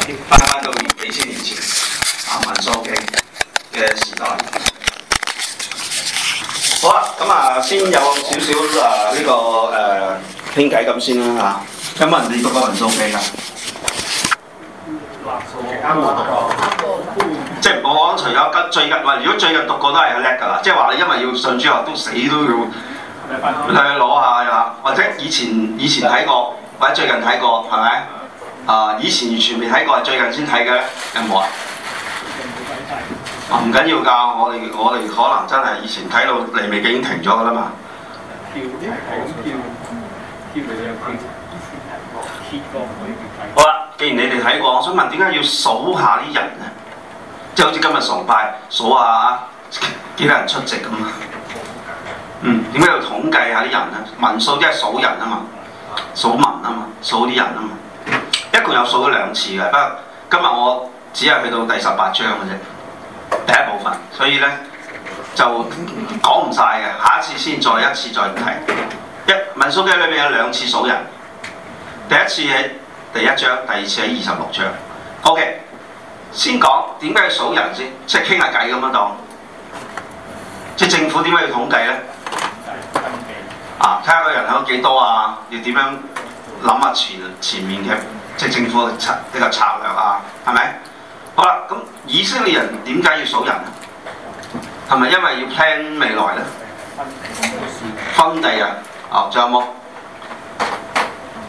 啲翻翻到幾千年前，啊、摩西五經嘅時代。好啦，咁啊先有少少啊呢個誒傾偈咁先啦嚇。咁啊，你、這個啊啊啊、讀過摩西五經啊？嗯嗯、即係我除咗跟最近，如果最近讀過都係叻㗎啦。即係話你因為要上主日學，都死都要去攞、嗯嗯、下呀。或者以前以前睇過，或者最近睇過，係咪？啊！以前完全未睇過，最近先睇嘅有冇啊？唔緊要㗎，我哋我哋可能真係以前睇到嚟未已經停咗㗎啦嘛。嗯嗯、好啦，既然你哋睇過，我想問點解要數下啲人啊？即係好似今日崇拜數下啊，幾多人出席咁啊？嗯，點解要統計下啲人咧？民數即係數人啊嘛，數民啊嘛，數啲人啊嘛。一共有數咗兩次嘅，不過今日我只係去到第十八章嘅啫，第一部分，所以咧就講唔晒嘅，下一次先再一次再提。一民數記裏面有兩次數人，第一次喺第一章，第二次喺二十六章。OK，先講點解要數人先，即係傾下偈咁樣當。即係政府點解要統計咧？啊，睇下個人口幾多啊？要點樣諗下前前面嘅？即政府嘅策，比、這、較、個、策略啊，係咪？好啦，咁以色列人點解要數人？係咪因為要 plan 未來咧？分地，分地啊！哦，仲有冇？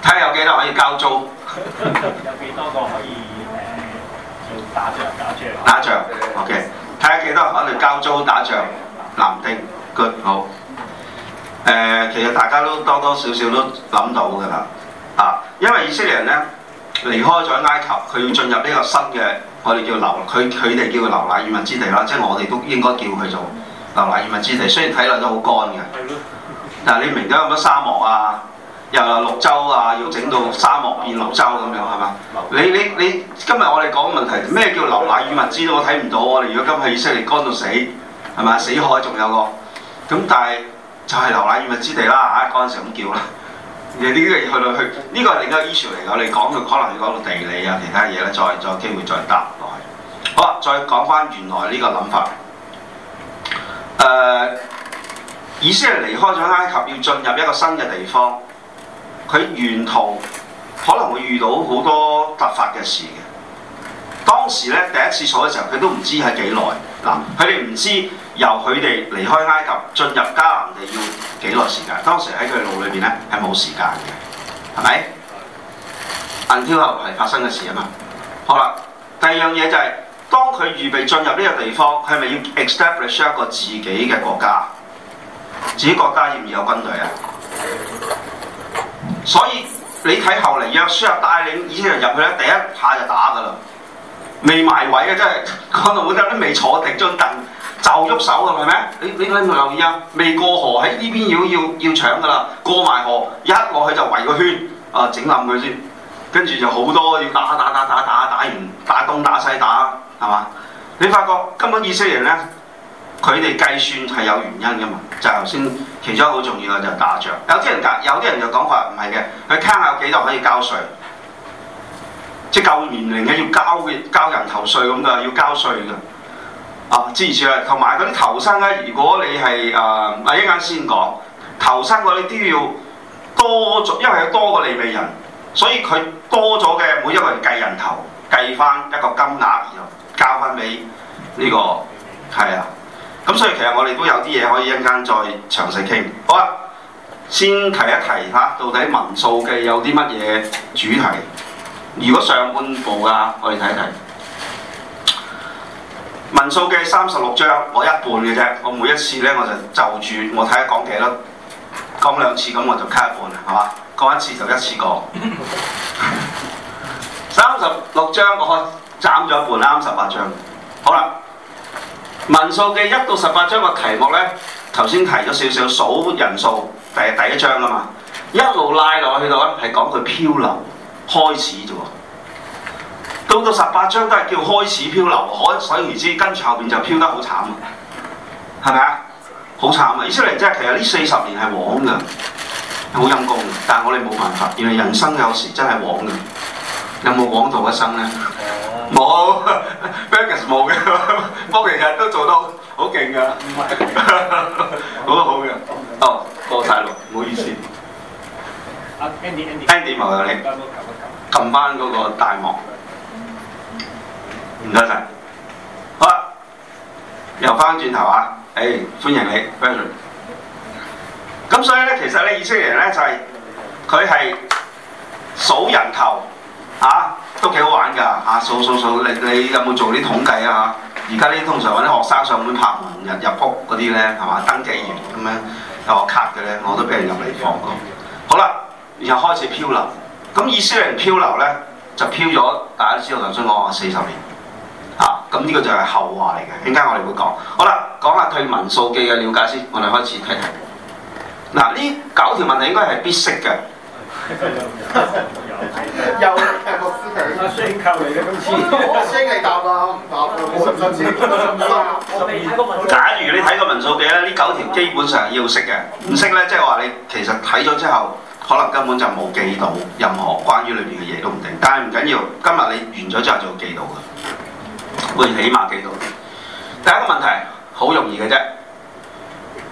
睇下、嗯、有幾多可以交租？ 有幾多個可以、呃、打仗、打仗？打仗 OK，睇下幾多我哋交租打仗，南丁 good 好。誒、呃，其實大家都多多少少都諗到㗎啦，啊，因為以色列人咧。離開咗埃及，佢要進入呢個新嘅，我哋叫流，佢佢哋叫流奶與蜜之地啦，即係我哋都應該叫佢做流奶與蜜之地。雖然睇落都好乾嘅，但係你明咗有乜沙漠啊，又有綠洲啊，要整到沙漠變綠洲咁樣係嘛？你你你今日我哋講嘅問題，咩叫流奶與蜜之地？我睇唔到我哋，如果今日以色列乾到死，係咪死海仲有個？咁但係就係流奶與蜜之地啦，嚇嗰陣時咁叫啦。你呢、這個去去呢個係另一個 issue 嚟講，你講到可能你講到地理啊，其他嘢咧，再再機會再答落去。好啦，再講翻原來呢個諗法，誒、呃、意思係離開咗埃及，要進入一個新嘅地方，佢沿途可能會遇到好多突發嘅事。當時咧第一次坐嘅時候，佢都唔知係幾耐。嗱，佢哋唔知由佢哋離開埃及進入迦南地要幾耐時間。當時喺佢腦裏邊咧係冇時間嘅，係咪？銀挑後係發生嘅事啊嘛。好啦，第二樣嘢就係、是、當佢預備進入呢個地方，係咪要 establish 一個自己嘅國家？自己國家要唔要有軍隊啊？所以你睇後嚟約書亞帶領以色列人入去咧，第一下就打㗎啦。未埋位啊！真係，可能我有啲未坐定張凳就喐手係咪咩？你你你留意啊！未過河喺呢邊要要要搶㗎啦，過埋河一落去就圍個圈啊、呃，整冧佢先。跟住就好多要打打打打打打完打東打西打係嘛？你發覺根本以色列呢，佢哋計算係有原因㗎嘛？就係頭先其中一個好重要就係打仗，有啲人有啲人就講話唔係嘅，佢 count 下有幾多人可以交稅。即係夠年齡咧，要交嘅交人頭稅咁就要交稅嘅。啊，之餘啊，同埋嗰啲頭生咧，如果你係誒，啊一陣間先講頭生嗰啲都要多咗，因為有多個利未人，所以佢多咗嘅每一個人計人頭，計翻一個金額，然後交翻俾呢個係啊。咁所以其實我哋都有啲嘢可以一陣間再詳細傾。好啦，先提一提吓，到底民數記有啲乜嘢主題？如果上半部㗎、啊，我哋睇睇《民數記》嘅三十六章，我一半嘅啫。我每一次咧，我就就住我睇下，講幾多講兩次，咁我就卡一半，係嘛？講一次就一次過。三十六章，我砍咗一半啦，啱十八章。好啦，《民數記》嘅一到十八章嘅題目咧，頭先提咗少少數人數，第第一章啦嘛，一路拉落去到咧，係講佢漂流。開始啫喎，到到十八章都係叫開始漂流，可想而知，跟住後邊就漂得好慘啊，係咪啊？好慘啊！意思嚟真係其實呢四十年係枉㗎，好陰功嘅。但係我哋冇辦法，原來人生有時真係枉㗎。有冇枉度一生咧？冇 Beckles 冇嘅、呃，不過其實都做得是 好勁㗎。我都好嘅。哦，過晒啦，唔好意思。Andy，Andy，Andy、啊、冇 Andy, Andy, 有你。撳翻嗰個大幕，唔該晒。好啦，又翻轉頭啊！誒、哎，歡迎你，歡迎。咁所以咧，其實咧，以色列人咧就係佢係數人頭啊，都幾好玩㗎啊！數數數，你你有冇做啲統計啊？嚇，而家啲通常嗰啲學生上門拍門入屋嗰啲咧，係嘛登記員咁樣有個卡嘅咧，我都俾人入嚟放㗎。好啦，然後開始漂流。咁意思嚟漂流咧，就漂咗，大家知道。頭先講話四十年，嚇咁呢個就係後話嚟嘅。點解我哋會講？好啦，講下對民數記嘅了解先。我哋開始睇睇。嗱，呢、啊、九條問題應該係必識嘅。有有有有。有係個嚟嘅，咁先。我先嚟答嘛，我唔答，我唔想睇個民數記咧，呢九 條基本上要識嘅，唔識咧即係話你其實睇咗之後。可能根本就冇記到任何關於裏面嘅嘢都唔定，但係唔緊要，今日你完咗之後就會記到嘅，會起碼記到。第一個問題好容易嘅啫，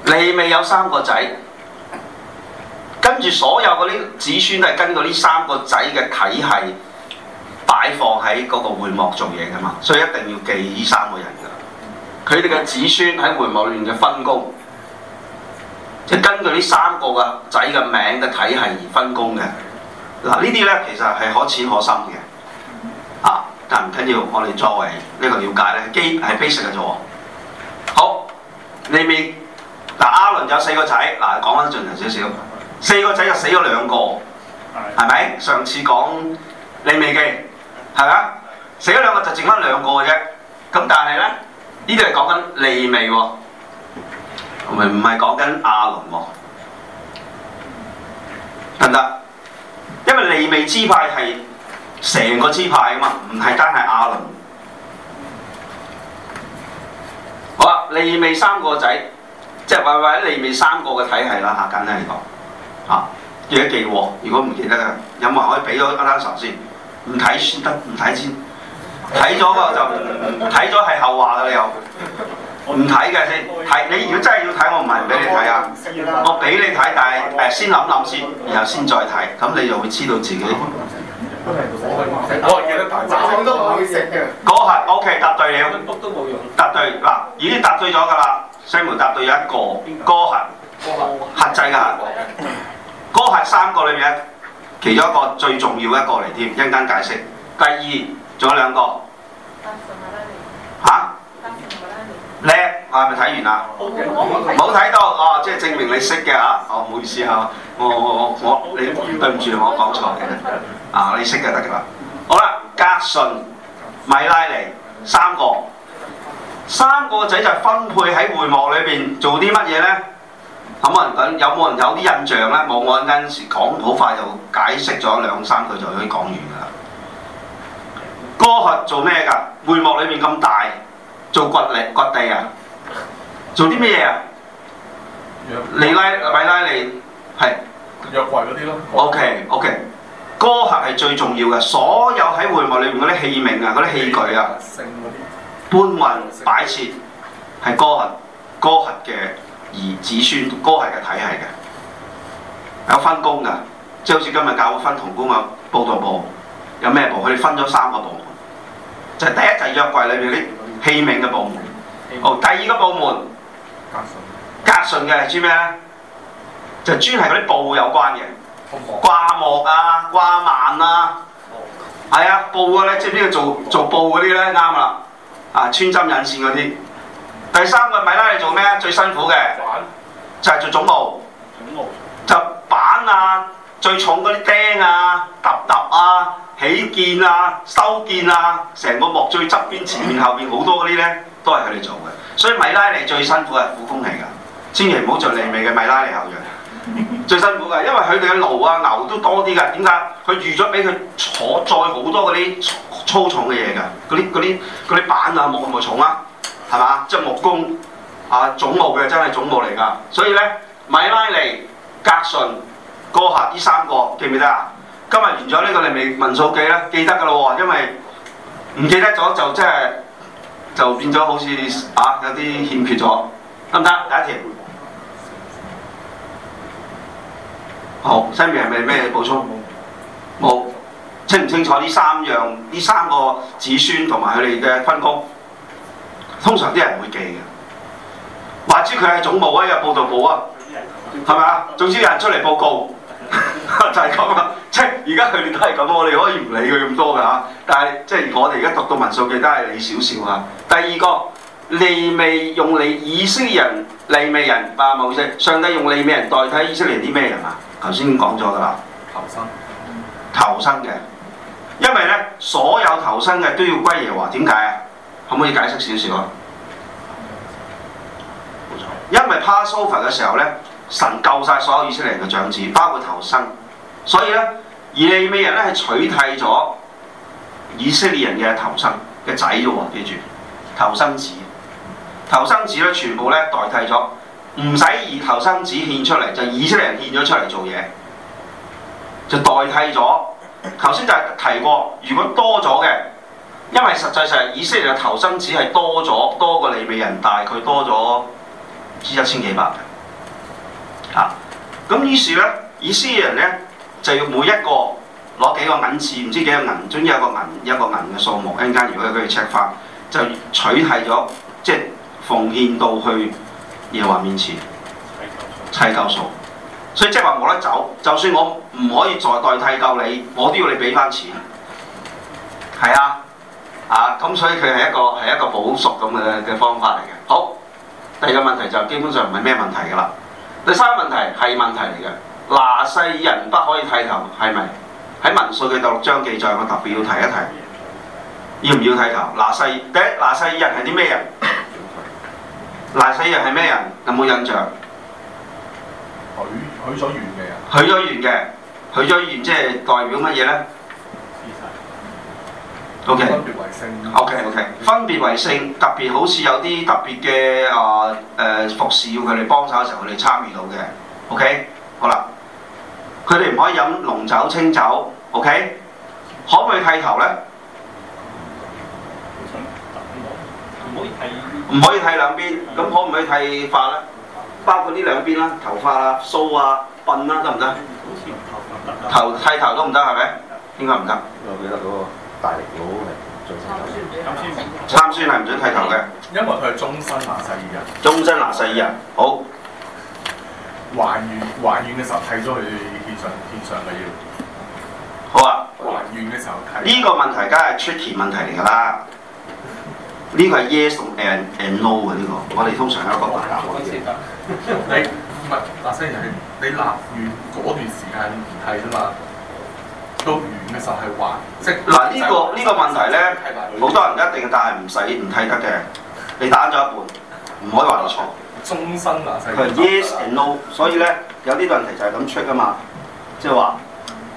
你未有三個仔，跟住所有嗰啲子孫都係根據呢三個仔嘅體系擺放喺嗰個會幕做嘢㗎嘛，所以一定要記呢三個人㗎。佢哋嘅子孫喺會幕裏面嘅分工。即根據呢三個嘅仔嘅名嘅體系而分工嘅，嗱呢啲咧其實係可淺可深嘅，啊，但唔緊要，我哋作為呢個了解咧，基係 basic 嘅啫喎。好，利未嗱、啊，阿倫有四個仔，嗱講翻盡量少少，四個仔就死咗兩個，係咪？上次講利未記，係咪死咗兩個就剩翻兩個嘅啫，咁但係咧，呢啲係講緊利未喎。唔係，唔係講緊阿龍喎，得唔得？因為利未支派係成個支派啊嘛，唔係單係阿龍。好是是啊，利未三個仔，即係為為利未三個嘅體系啦嚇，簡單嚟講嚇。要記喎，如果唔記得嘅，有冇可以俾咗一粒糖先？唔睇先得，唔睇先。睇咗個就，睇咗係後話啦你又。唔睇嘅先，睇你如果真係要睇，我唔係唔俾你睇啊！我俾你睇，但係誒先諗諗先，然後先再睇，咁你就會知道自己。我係記得大隻，都唔可以食嘅。嗰鞋，O K，答對了。卜都冇用。答對，嗱、啊，已經答對咗㗎啦。西門答對有一個，嗰鞋個，鞋製嘅鞋，嗰鞋三個裏面一，其中一個最重要一個嚟添，一陣間解釋。第二，仲有兩個。嚇、啊？叻？我係咪睇完啦？冇睇、嗯、到哦，即係證明你識嘅嚇。哦，唔好意思嚇。我我我你對唔住，我講錯嘅。啊，你識嘅得嘅啦。好啦，革順米拉利三個三個仔就分配喺會幕裏邊做啲乜嘢咧？咁有冇人，有冇人有啲印象咧？冇，我陣時講好快就解釋咗兩三句就可以講完噶啦。哥轄做咩噶？會幕裏邊咁大？做掘力掘地啊！做啲咩嘢啊？你拉咪拉你係約櫃嗰啲咯。O K O K，歌客係最重要嘅，所有喺會幕裏面嗰啲器皿啊，嗰啲面器具啊，面搬運擺設係歌客。歌客嘅兒子孫歌客嘅體系嘅，有分工㗎，即係好似今日教會分同工啊，布道部有咩部？佢哋分咗三個部，就係、第一就係約櫃裏面啲。器皿嘅部門，哦，第二個部門，革順，革順嘅係做咩咧？就專係嗰啲布有關嘅，嗯、掛幕啊，掛幔啊，係啊、嗯，布啊、哎，咧知唔知做做布嗰啲咧？啱啦，啊，穿針引線嗰啲。嗯、第三個米拉利做咩？最辛苦嘅，玩就係做總務，總務就板啊，最重嗰啲釘啊，揼揼啊。起建啊、修建啊，成個木最側邊、前面、後邊好多嗰啲咧，都係佢哋做嘅。所以米拉利最辛苦係苦工嚟噶，千祈唔好做利未嘅米拉利後裔。 最辛苦噶，因為佢哋嘅勞啊、牛都多啲噶。點解？佢預咗俾佢坐載好多嗰啲粗重嘅嘢噶，嗰啲啲啲板啊冇咁重啊，係嘛？即係木工啊，總務嘅真係總務嚟噶。所以咧，米拉利、革順、哥轄呢三個記唔記得啊？今日完咗呢個，你咪問數記啦，記得㗎喇喎，因為唔記得咗就即係就變咗好似啊，有啲欠缺咗，得唔得？第一條好，Sammy 係咪咩補充？冇，清唔清楚呢三樣？呢三個子孫同埋佢哋嘅分工，通常啲人會記嘅，或者佢喺總部啊，有報道部啊，係咪啊？總之有人出嚟報告。 就係咁啦！即係而家佢哋都係咁，我哋可以唔理佢咁多噶嚇。但係即係我哋而家讀到民數記都係理少少啊。第二個利未，用利以色列人利未人啊，唔好意思，上帝用利未人代替以色列啲咩人啊？頭先已經講咗㗎啦。頭生，頭生嘅，因為咧所有頭生嘅都要歸耶和華。點解啊？可唔可以解釋少少啊？冇錯，因為 Passover 嘅時候咧，神救晒所有以色列人嘅長子，包括頭生。所以咧，而利未人咧係取替咗以色列人嘅頭生嘅仔啫喎，記住頭生子。頭生子咧全部咧代替咗，唔使以頭生子獻出嚟，就是、以色列人獻咗出嚟做嘢，就代替咗。頭先就係提過，如果多咗嘅，因為實際上以色列嘅頭生子係多咗，多過利未人，大概多咗至一千幾百。嚇、啊，咁於是咧，以色列人咧。就要每一個攞幾個銀字，唔知幾多銀樽，有個銀一個銀嘅數目，一間如果佢 check 翻，就取替咗，即、就、係、是、奉獻到去耶和華面前，砌夠數。數，所以即係話冇得走，就算我唔可以再代替夠你，我都要你俾翻錢。係啊，啊咁所以佢係一個係一個補贖咁嘅嘅方法嚟嘅。好，第二個問題就是、基本上唔係咩問題㗎啦。第三個問題係問題嚟嘅。拿細耳人不可以剃頭，係咪？喺民數嘅第六章記載，我特別要提一提，要唔要剃頭？拿細耳第一，拿細耳人係啲咩人？拿細耳人係咩人？有冇印象？許許咗願嘅人。許咗願嘅，許咗願即係代表乜嘢咧？O K O K O K 分別為聖，特別好似有啲特別嘅啊誒服侍要佢哋幫手嘅時候，佢哋參與到嘅。OK 好啦。佢哋唔可以飲濃酒、清酒，OK？可唔可以剃頭咧？唔可以剃，唔可以剃兩邊，咁、嗯、可唔可以剃髮咧？包括呢兩邊啦，頭髮啊、鬚啊、鬢啦、啊，得唔得？頭剃頭都唔得，係咪？應該唔得？我記得嗰個大力佬嚟，做參孫，參孫係唔准剃頭嘅，因為佢係終身拿細耳人。終身拿細耳人，好。還願還願嘅時候剃咗佢。上天上好啊！還願嘅時候睇呢個問題，梗係 tricky 問題嚟噶啦。呢個係 yes and and no 嘅呢個。我哋通常有一個框架，我知你唔係拿細耳人，你立願嗰段時間唔睇啫嘛。都願嘅時候係還即嗱呢個呢個問題咧，好多人一定但係唔使唔睇得嘅。你打咗一半，唔可以話錯。終身拿細耳人佢 yes and no，所以咧有啲問題就係咁 check 噶嘛。即係話，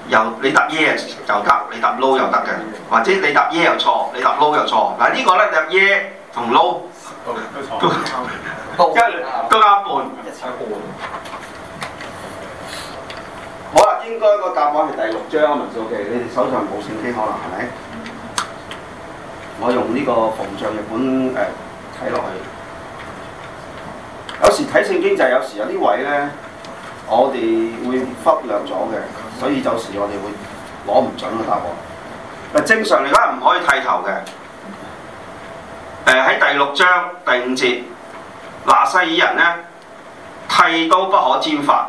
又你答 yes 又得，你答 no 又得嘅，或者你答 yes 又錯，你答 no 又錯。嗱呢個咧，你答 yes 同 no 都都啱一日差半。好啊，應該個答案係第六張文少記，你哋手上冇聖經可能係咪？我用呢個膨脹日本誒睇落去，有時睇聖經就係有時有啲位咧。我哋會忽略咗嘅，所以有時我哋會攞唔準嘅答案。正常嚟講係唔可以剃頭嘅。誒、呃、喺第六章第五節，拿細耳人呢，剃刀不可沾髮，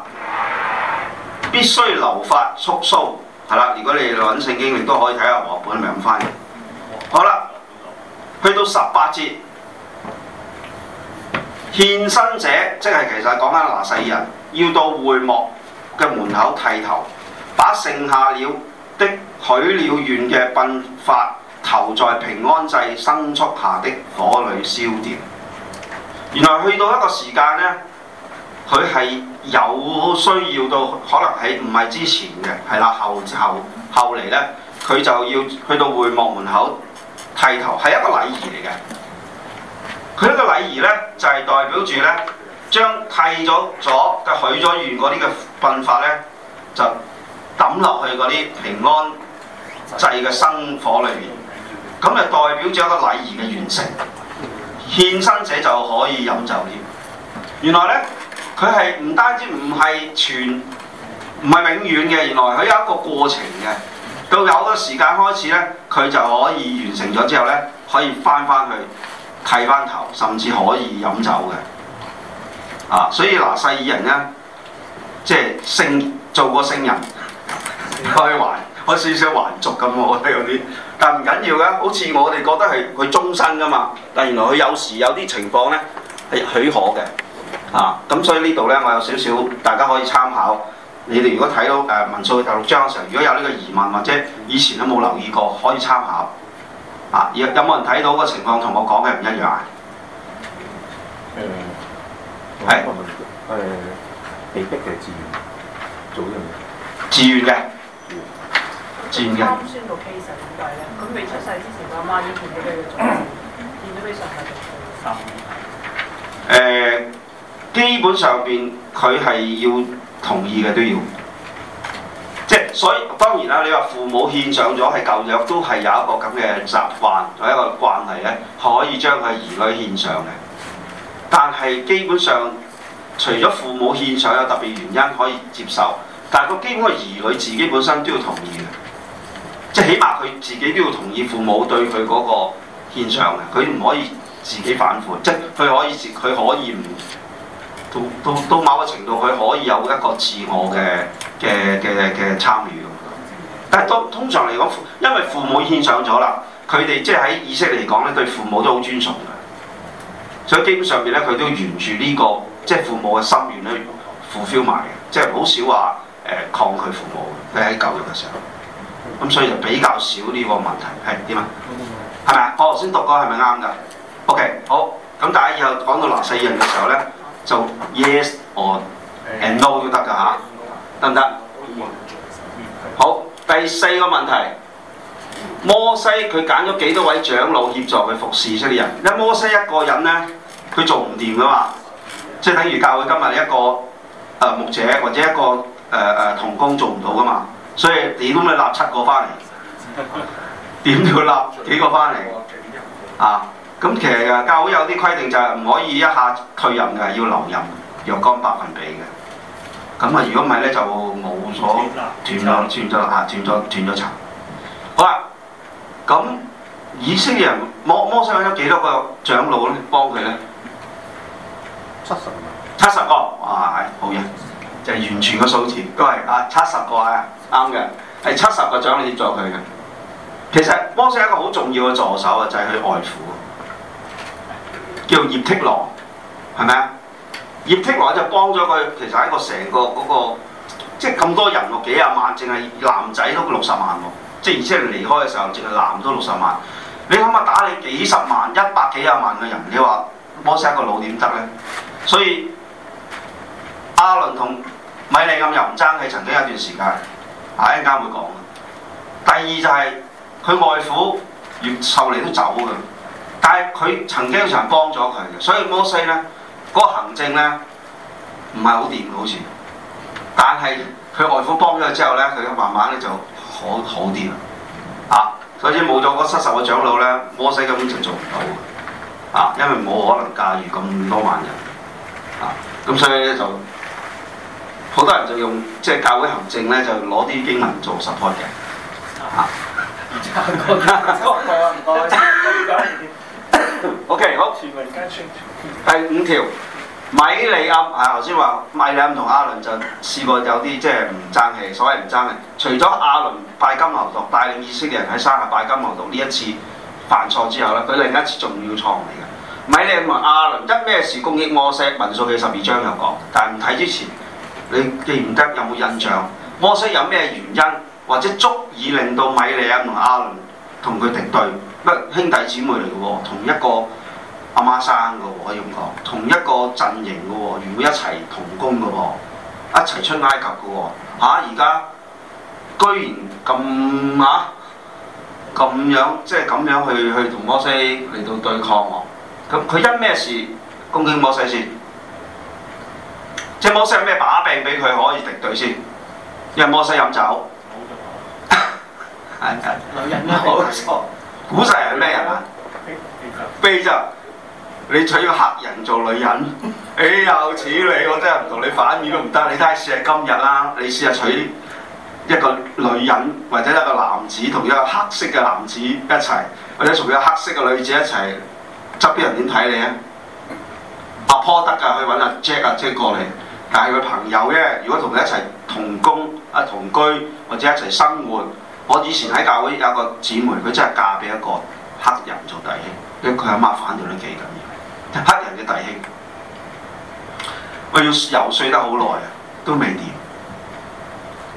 必須留髮束鬚，係啦。如果你揾聖經，你都可以睇下和本係咁翻嘅。好啦，去到十八節，獻身者即係其實講緊拿細耳人。要到會幕嘅門口剃頭，把剩下了的許了願嘅鬢髮，投在平安祭牲畜下的火裏燒掉。原來去到一個時間呢，佢係有需要到，可能係唔係之前嘅，係啦，後後後嚟咧，佢就要去到會幕門口剃頭，係一個禮儀嚟嘅。佢一個禮儀呢，就係、是、代表住呢。將剃咗咗嘅許咗願嗰啲嘅殯法咧，就抌落去嗰啲平安祭嘅生火裏面，咁就代表咗一個禮儀嘅完成。獻身者就可以飲酒添。原來咧，佢係唔單止唔係全唔係永遠嘅，原來佢有一個過程嘅。到有個時間開始咧，佢就可以完成咗之後咧，可以翻返去剃翻頭，甚至可以飲酒嘅。啊，所以嗱，細耳人呢，即係聖做個聖人，開懷， 我少少還俗咁咯，我睇有啲，但唔緊要噶，好似我哋覺得係佢終身噶嘛，但原來佢有時有啲情況呢係許可嘅，啊，咁、啊、所以呢度呢，我有少少大家可以參考，你哋如果睇到文、呃、民數第六章嘅時候，如果有呢個疑問或者以前有冇留意過，可以參考，啊，有冇人睇到個情況同我講嘅唔一樣？嗯。係，誒被逼定係自願做呢樣嘢？自願嘅，自願嘅。剛宣布去世，係咧、呃，佢未出世之前，我媽已經獻咗俾佢做，獻咗俾上帝做神。誒，基本上邊佢係要同意嘅都要，即係所以當然啦。你話父母獻上咗係舊約，都係有一個咁嘅習慣同一個慣例咧，可以將佢兒女獻上嘅。但係基本上，除咗父母獻上有特別原因可以接受，但係個基本個兒女自己本身都要同意嘅，即係起碼佢自己都要同意父母對佢嗰個獻上嘅，佢唔可以自己反悔，即係佢可以自佢可以唔到到到某個程度佢可以有一個自我嘅嘅嘅嘅嘅參與。但係都通常嚟講，因為父母獻上咗啦，佢哋即係喺意識嚟講咧，對父母都好尊崇嘅。所以基本上邊咧，佢都沿住呢、這個，即係父母嘅心願去 fulfill 埋嘅，即係好少話、呃、抗拒父母嘅。佢喺教育嘅時候，咁所以就比較少呢個問題，係點啊？係咪啊？我頭先讀嗰係咪啱㗎？OK，好。咁大家以後講到納西人嘅時候咧，就 yes or no、no、都得㗎嚇，得唔得？好，第四個問題。摩西佢揀咗幾多位長老協助佢服侍出嚟人？因為摩西一個人呢，佢做唔掂噶嘛，即係等於教會今日一個誒、呃、牧者或者一個誒誒堂工做唔到噶嘛，所以點都要立七個翻嚟，點都 要立幾個翻嚟啊？咁其實教會有啲規定就係唔可以一下退任嘅，要留任若干百分比嘅。咁啊，如果唔係呢，就冇咗斷咗斷咗嚇斷咗斷咗層。好啦、啊。咁以色列人摩摩西有幾多個長老咧幫佢咧？七十個。七十個，係好嘢，就係完全個數字。都係啊，七十個啊，啱嘅，係七十個長老協助佢嘅。其實摩西一個好重要嘅助手啊，就係、是、佢外父，叫葉忒羅，係咪啊？葉忒羅就幫咗佢，其實係一個成個嗰、那個，即係咁多人喎，幾廿萬，淨係男仔都六十萬喎。即係而且離開嘅時候，淨係男丁六十萬。你諗下，打你幾十萬、一百幾廿萬嘅人的，你話摩西一個腦點得呢？所以阿倫同米利暗又唔爭氣，曾經有段時間，下一陣間會講。第二就係、是、佢外父葉秀利都走嘅，但係佢曾經成日幫咗佢嘅，所以摩西呢嗰、那個行政呢，唔係好掂好似。但係佢外父幫咗佢之後呢，佢慢慢呢就，好好啲啊！啊，所以冇咗嗰七十個長老咧，摩西根本就做唔到啊！因為冇可能駕馭咁多萬人啊！咁所以咧就好多人就用即係教會行政咧就攞啲經文做 support 嘅啊！唔該唔該唔該，OK 好，第五條。米利暗啊，頭先話米利暗同亞倫就試過有啲即係唔爭氣，所謂唔爭氣。除咗亞倫拜金牛犢，帶領以色列人喺山下拜金牛犢呢一次犯錯之後呢，佢另一次重要錯嚟嘅。米利暗同亞倫因咩事攻擊摩西？民數記十二章有講，但係唔睇之前，你記唔得，有冇印象？摩西有咩原因或者足以令到米利暗同亞倫同佢敵對？不，兄弟姊妹嚟嘅喎，同一個。阿媽生嘅喎，可以咁講，同一個陣營嘅喎，如果一齊同工嘅喎，一齊出埃及嘅喎，嚇而家居然咁，啊，咁樣即係咁樣去去同摩西嚟到對抗喎，咁、啊、佢因咩事攻擊摩西先？即係摩西有咩把柄俾佢可以敵對先？因摩西飲酒，係啊，冇錯、 哎呀，古實人係咩人啊？秘籍。你娶個黑人做女人，豈有此理，我真係唔同你反面都唔得。你睇下試下今日啦、啊，你試下娶一個女人或者一個男子同一個黑色嘅男子一齊，或者同一個黑色嘅女子一齊，側邊人點睇你啊？拍拖得㗎，去揾阿、啊啊、姐阿姐 a 過嚟，但係佢朋友呢，如果同佢一齊同工、一、啊、同居或者一齊生活，我以前喺教會有個姊妹，佢真係嫁俾一個黑人做弟兄。因為佢阿媽反對都幾緊要。黑人嘅弟兄，我要游説得好耐啊，都未掂。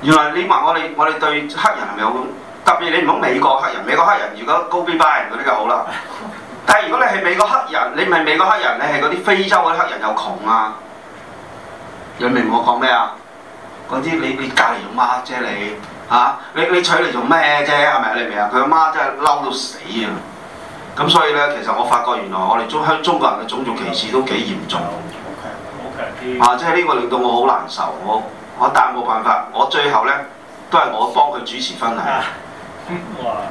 原來你話我哋，我哋對黑人係咪好？特別你唔好美國黑人，美國黑人如果高鼻白人嗰啲就好啦。但係如果你係美國黑人，你唔係美國黑人，你係嗰啲非洲嗰啲黑人又窮啊，你明我講咩啊？嗰啲你你隔離做乜啫你？嚇你你娶嚟做咩啫？係咪你明啊？佢阿媽真係嬲到死啊！咁所以咧，其實我發覺原來我哋中香中國人嘅種族歧視都幾嚴重。嗯、啊，即係呢個令到我好難受，我我但冇辦法，我最後咧都係我幫佢主持婚禮、啊。哇！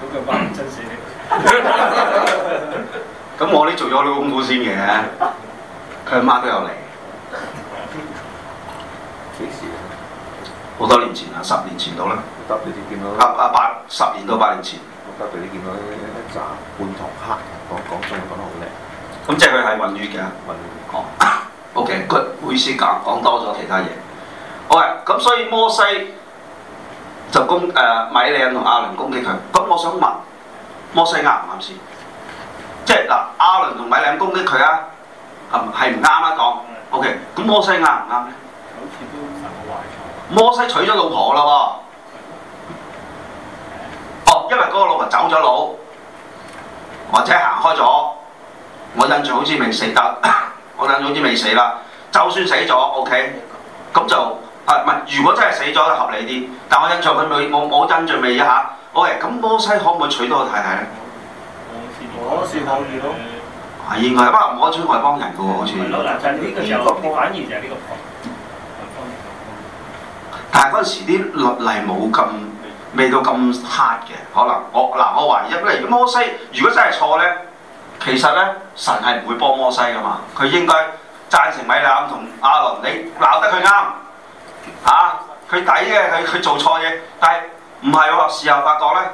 咁嘅爸真屎！咁 我呢做咗呢個功夫先嘅，佢阿媽都有嚟。啊、好多年前啦，十年前到啦。搭地鐵見到。搭啊八十年到八年前。特別你見到一扎半堂黑人，人講講中文講得好叻。咁即係佢係混血嘅。混血哦，O K，佢會先講講多咗其他嘢。OK，咁所以摩西就攻誒米利暗同阿倫攻擊佢。咁我想問摩西啱唔啱先？即係嗱，阿倫同米利暗攻擊佢啊，係唔係唔啱啊？講 O K，咁摩西啱唔啱咧？好似都摩西娶咗老婆啦喎、啊！因為嗰個老婆走咗佬，或者行開咗，我印象好似未死得，我印象好似未死啦，就算死咗，OK，咁就啊唔係，如果真係死咗合理啲，但我印象佢冇冇印象未一下，嚇？喂，咁摩西可唔可以娶到個太太咧？我視我視望遠咯，意外不過我娶外邦人嘅喎，好似。係呢個時候，我反而就係呢個。但係嗰陣時啲律例冇咁。未到咁黑嘅，可能我嗱、啊、我懷疑咧，摩西如果真係錯咧，其實咧，神係唔會幫摩西噶嘛，佢應該贊成米利暗同阿倫，你鬧得佢啱吓，佢抵嘅，佢佢做錯嘢，但係唔係喎，事後發覺咧，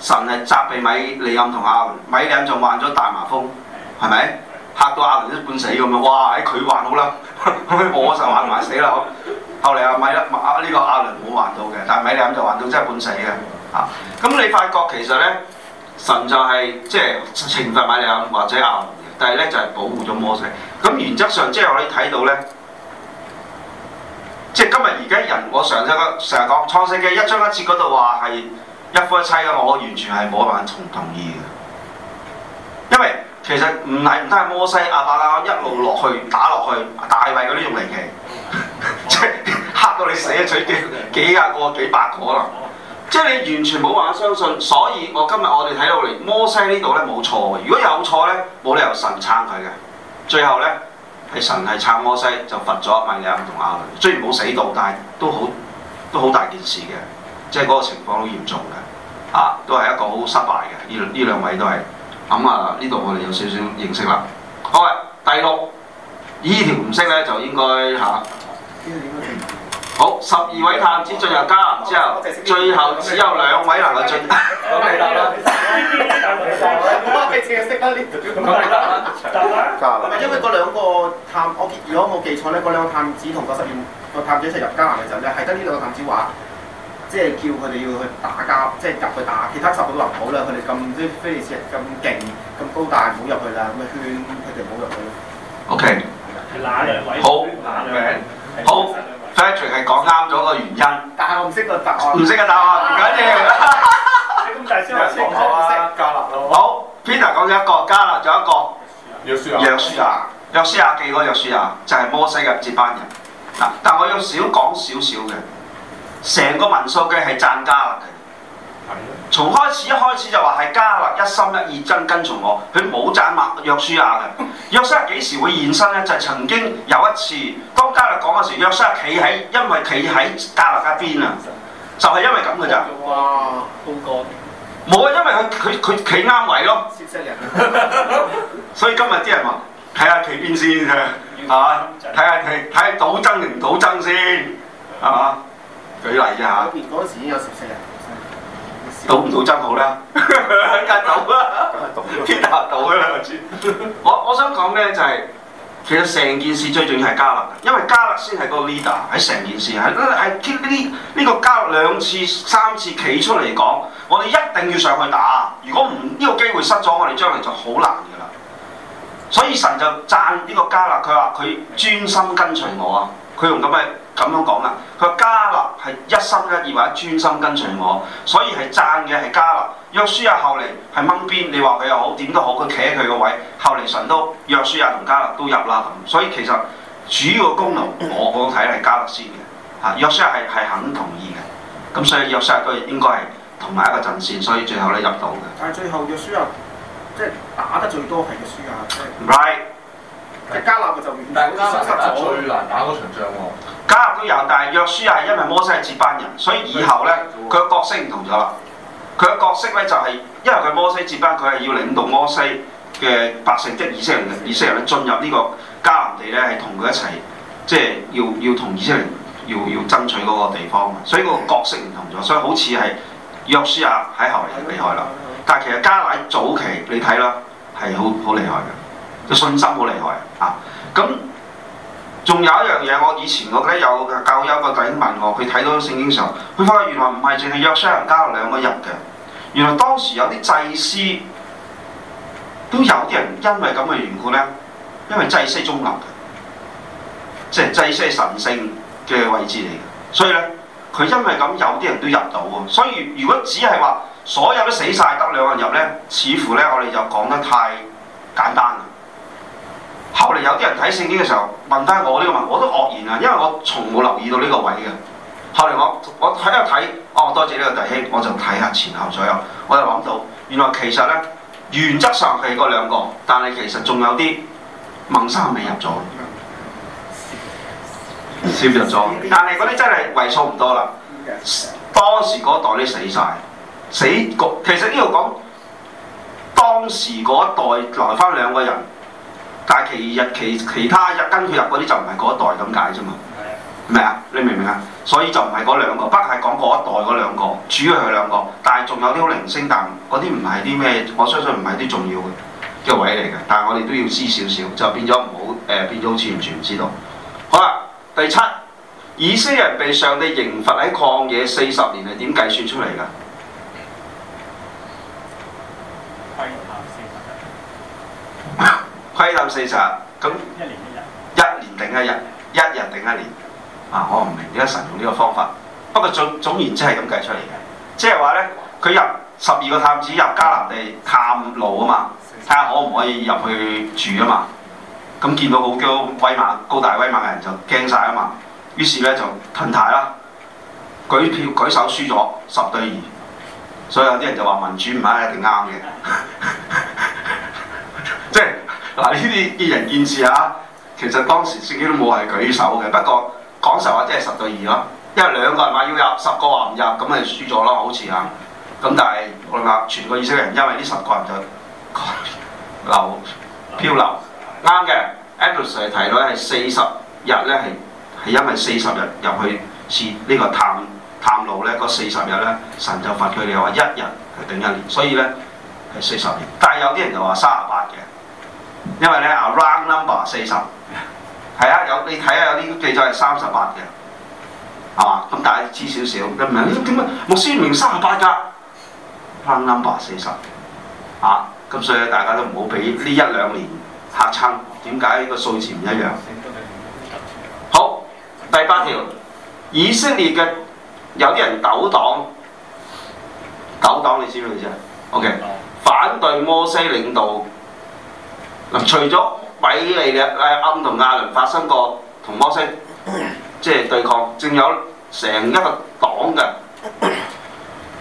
神係責備米利暗同阿倫，米利暗仲患咗大麻風，係咪嚇到阿倫都半死咁樣，哇喺佢患好啦， 我神患埋死啦後嚟阿米勒阿呢個阿倫冇還到嘅，但係米利暗就還到，真係半死嘅嚇。咁、啊、你發覺其實呢神就係即係懲罰米利暗或者阿倫嘅，但係呢就係、是、保護咗摩西。咁原則上即係可以睇到呢，即係今日而家人，我常出個常講創世記一章一節嗰度話係一夫一妻嘅，我完全係冇辦法同同意嘅。因為其實唔係唔單係摩西、亞伯拉罕一路落去打落去大衛嗰啲用嚟器。即係嚇到你死啊！最多，幾廿個、幾百個啦！即係你完全冇辦法相信，所以我今日我哋睇到嚟摩西呢度咧冇錯嘅。如果有錯咧，冇理由神撐佢嘅。最後咧係神係撐摩西，就罰咗米利暗同亞倫。雖然冇死到，但係都好都好大件事嘅，即係嗰個情況好嚴重嘅。啊，都係一個好失敗嘅呢呢兩位都係。咁啊，呢度我哋有少少認識啦。好啊，第六條呢條唔識咧就應該吓。啊 嗯、好，十二位探子進入迦南之後，最後只有兩位能夠進入。咁係啦。咁係啦。加啦。係咪因為嗰兩個探？我記，如果我冇記錯咧，嗰兩個探子同個十二個探子一齊入迦南嘅時候咧，係得呢兩個探子話，即係、就是、叫佢哋要去打交，即、就、係、是、入去打，其他十個都話唔好啦。佢哋咁啲非利士咁勁，咁高大，唔好入去啦，咁勸佢哋一定唔好入去。O Okay . K、嗯。係哪兩位？好，哪兩位？嗯嗯好 Fletcher 係講啱咗個原因，但係我唔識個答案，唔識個答案唔緊要。咁大師話講學啊，加勒啦。好，Peter 講咗一個，加勒仲有一個約書亞，約書亞，約書亞，亞記嗰約書亞就係、是、摩西嘅接班人。嗱，但我要少講少少嘅，成個民數記係贊加勒嘅。從開始，一開始就話係加勒一心一意真跟從我，佢冇讚罵約書亞嘅。約書亞幾時會現身咧？就係、是、曾經有一次，當加勒講嗰時，約書亞企喺，因為企喺加勒一邊啊，就係、是、因為咁嘅咋。哇，好干！冇啊，因為佢佢佢企啱位咯。十四人， 所以今日啲人話睇下企邊先啊，係睇下睇下賭爭定唔賭爭先，係嘛？看看嗯、舉例啫吓、啊。嗰時已經有十四人。賭唔賭真好啦，梗係賭啦，梗係賭啦，我我想講咩就係，其實成件事最重要係加勒，因為加勒先係個 leader 喺成件事，喺喺呢呢個加勒兩次三次企出嚟講，我哋一定要上去打，如果唔呢個機會失咗，我哋將來就好難噶啦。所以神就讚呢個加勒，佢話佢專心跟隨我啊。佢用咁嘅咁樣講啦，佢話迦勒係一心一意或者專心跟隨我，所以係贊嘅係迦勒。約書亞後嚟係掹邊，你話佢又好點都好，佢企喺佢個位。後嚟神都約書亞同迦勒都入啦，咁所以其實主要嘅功勞我我睇係迦勒先嘅嚇。約書亞係係肯同意嘅，咁所以約書亞都應該係同埋一個陣線，所以最後咧入到嘅。但係最後約書亞即係打得最多係約書亞，即、就係、Right。迦勒就唔大嗰場，迦勒最難打嗰場仗喎、啊。迦勒都有，但係約書亞因為摩西係接班人，所以以後咧，佢嘅、嗯、角色唔同咗啦。佢嘅角色咧就係、是，因為佢摩西接班，佢係要領導摩西嘅百姓，即、就、係、是、以色列人，以色列人咧進入呢個迦南地咧，係同佢一齊，即、就、係、是、要要同以色列人要要爭取嗰個地方，所以個角色唔同咗，所以好似係約書亞喺後嚟係厲害啦。但係其實迦勒早期你睇啦，係好好厲害嘅。信心好厲害啊！咁仲有一樣嘢，我以前我咧有個教友有一個弟弟問我，佢睇到聖經上，佢發覺原來唔係淨係約書亞迦勒兩個人嘅，原來當時有啲祭司都有啲人因為咁嘅緣故咧，因為祭司中立，即係祭司神聖嘅位置嚟，所以咧佢因為咁有啲人都入到喎，所以如果只係話所有都死晒得兩個人入咧，似乎咧我哋就講得太簡單啦。啲人睇聖經嘅時候問翻我呢個問，我都愕然啊，因為我從冇留意到呢個位嘅。後嚟我我睇一睇，哦，多謝呢個弟兄，我就睇下前後左右，我就諗到原來其實呢，原則上係嗰兩個，但係其實仲有啲孟生未入咗，消失咗。但係嗰啲真係為數唔多啦。當時嗰代都死晒，死局。其實呢度講當時嗰代來翻兩個人。但係其日其其他日跟佢入嗰啲就唔係嗰一代咁解啫嘛，係咪的啊？你明唔明啊？所以就唔係嗰兩個，不係講嗰一代嗰兩個，主要係兩個，但係仲有啲好零星，但嗰啲唔係啲咩，的我相信唔係啲重要嘅嘅位嚟嘅，但係我哋都要知少少，就變咗唔好誒、呃，變咗好似完全唔知道。好啦，第七，以色列人被上帝刑罰喺曠野四十年係點計算出嚟㗎？窺探四十，咁一年定一日，一年定一日，一日定一年。啊，我唔明點解神用呢個方法，不過總總言之係咁計出嚟嘅。即係話咧，佢入十二個探子入迦南地探路啊嘛，睇下可唔可以入去住啊嘛。咁見到好高威猛、高大威猛嘅人就驚晒啊嘛，於是咧就吞太啦，舉票舉手輸咗十對二。所以有啲人就話民主唔係一定啱嘅，即 係、就是。嗱，呢啲見仁見智啊。其實當時選舉都冇係舉手嘅，不過講實話即係十對二咯，因為兩個人話要入，十個話唔入，咁咪輸咗咯，好似啊。咁但係我話全個以色列人，因為呢十個人就流漂流，啱嘅。Adelson 提到係四十日咧，係係因為四十日入去試呢個探探路咧，個四十日咧神就罰佢哋話一日係頂一年，所以咧係四十年。但係有啲人就話三十八嘅。因為呢，啊 round number 四十，係啊，有你睇下有啲記載係三十八嘅，係嘛？咁但係知少少，唔明點解？摩西明三十八㗎 round number 四十，啊，啊咁所以大家都唔好俾呢一兩年嚇親，點解呢個數字唔一樣？好，第八條，以色列嘅有啲人鬥黨，鬥黨你知唔知啊？O K，反對摩西領導。除咗米利嘅誒，暗同亞倫發生過同摩西，即係對抗，仲有成一個黨嘅。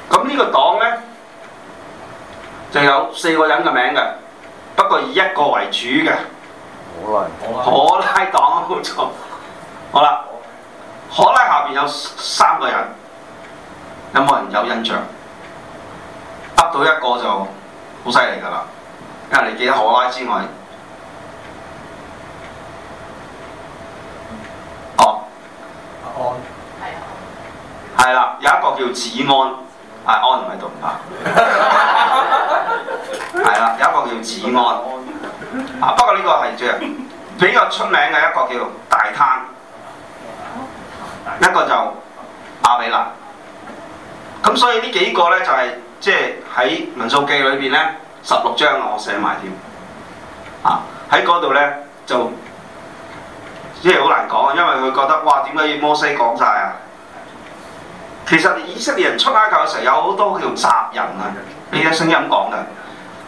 咁呢 個黨咧，就有四個人嘅名嘅，不過以一個為主嘅。可拉，可可拉黨冇錯。好啦，可拉下邊有三個人，有冇人有印象？呃，到一個就好犀利㗎啦，因為你記得可拉之外。安係啦，有一個叫子安，啊，安唔喺度唔怕，係啦，有一個叫子安，啊，不過呢個係最比較出名嘅一個叫大坍， 一個就亞比蘭，咁所以呢幾個咧就係即係喺《就是、民數記裡面呢》啊、裏邊咧十六章我寫埋添啊喺嗰度咧就。即係好難講啊，因為佢覺得哇，點解要摩西講晒啊？其實以色列人出埃及嘅時候有好多叫雜人啊，呢啲聲音講㗎，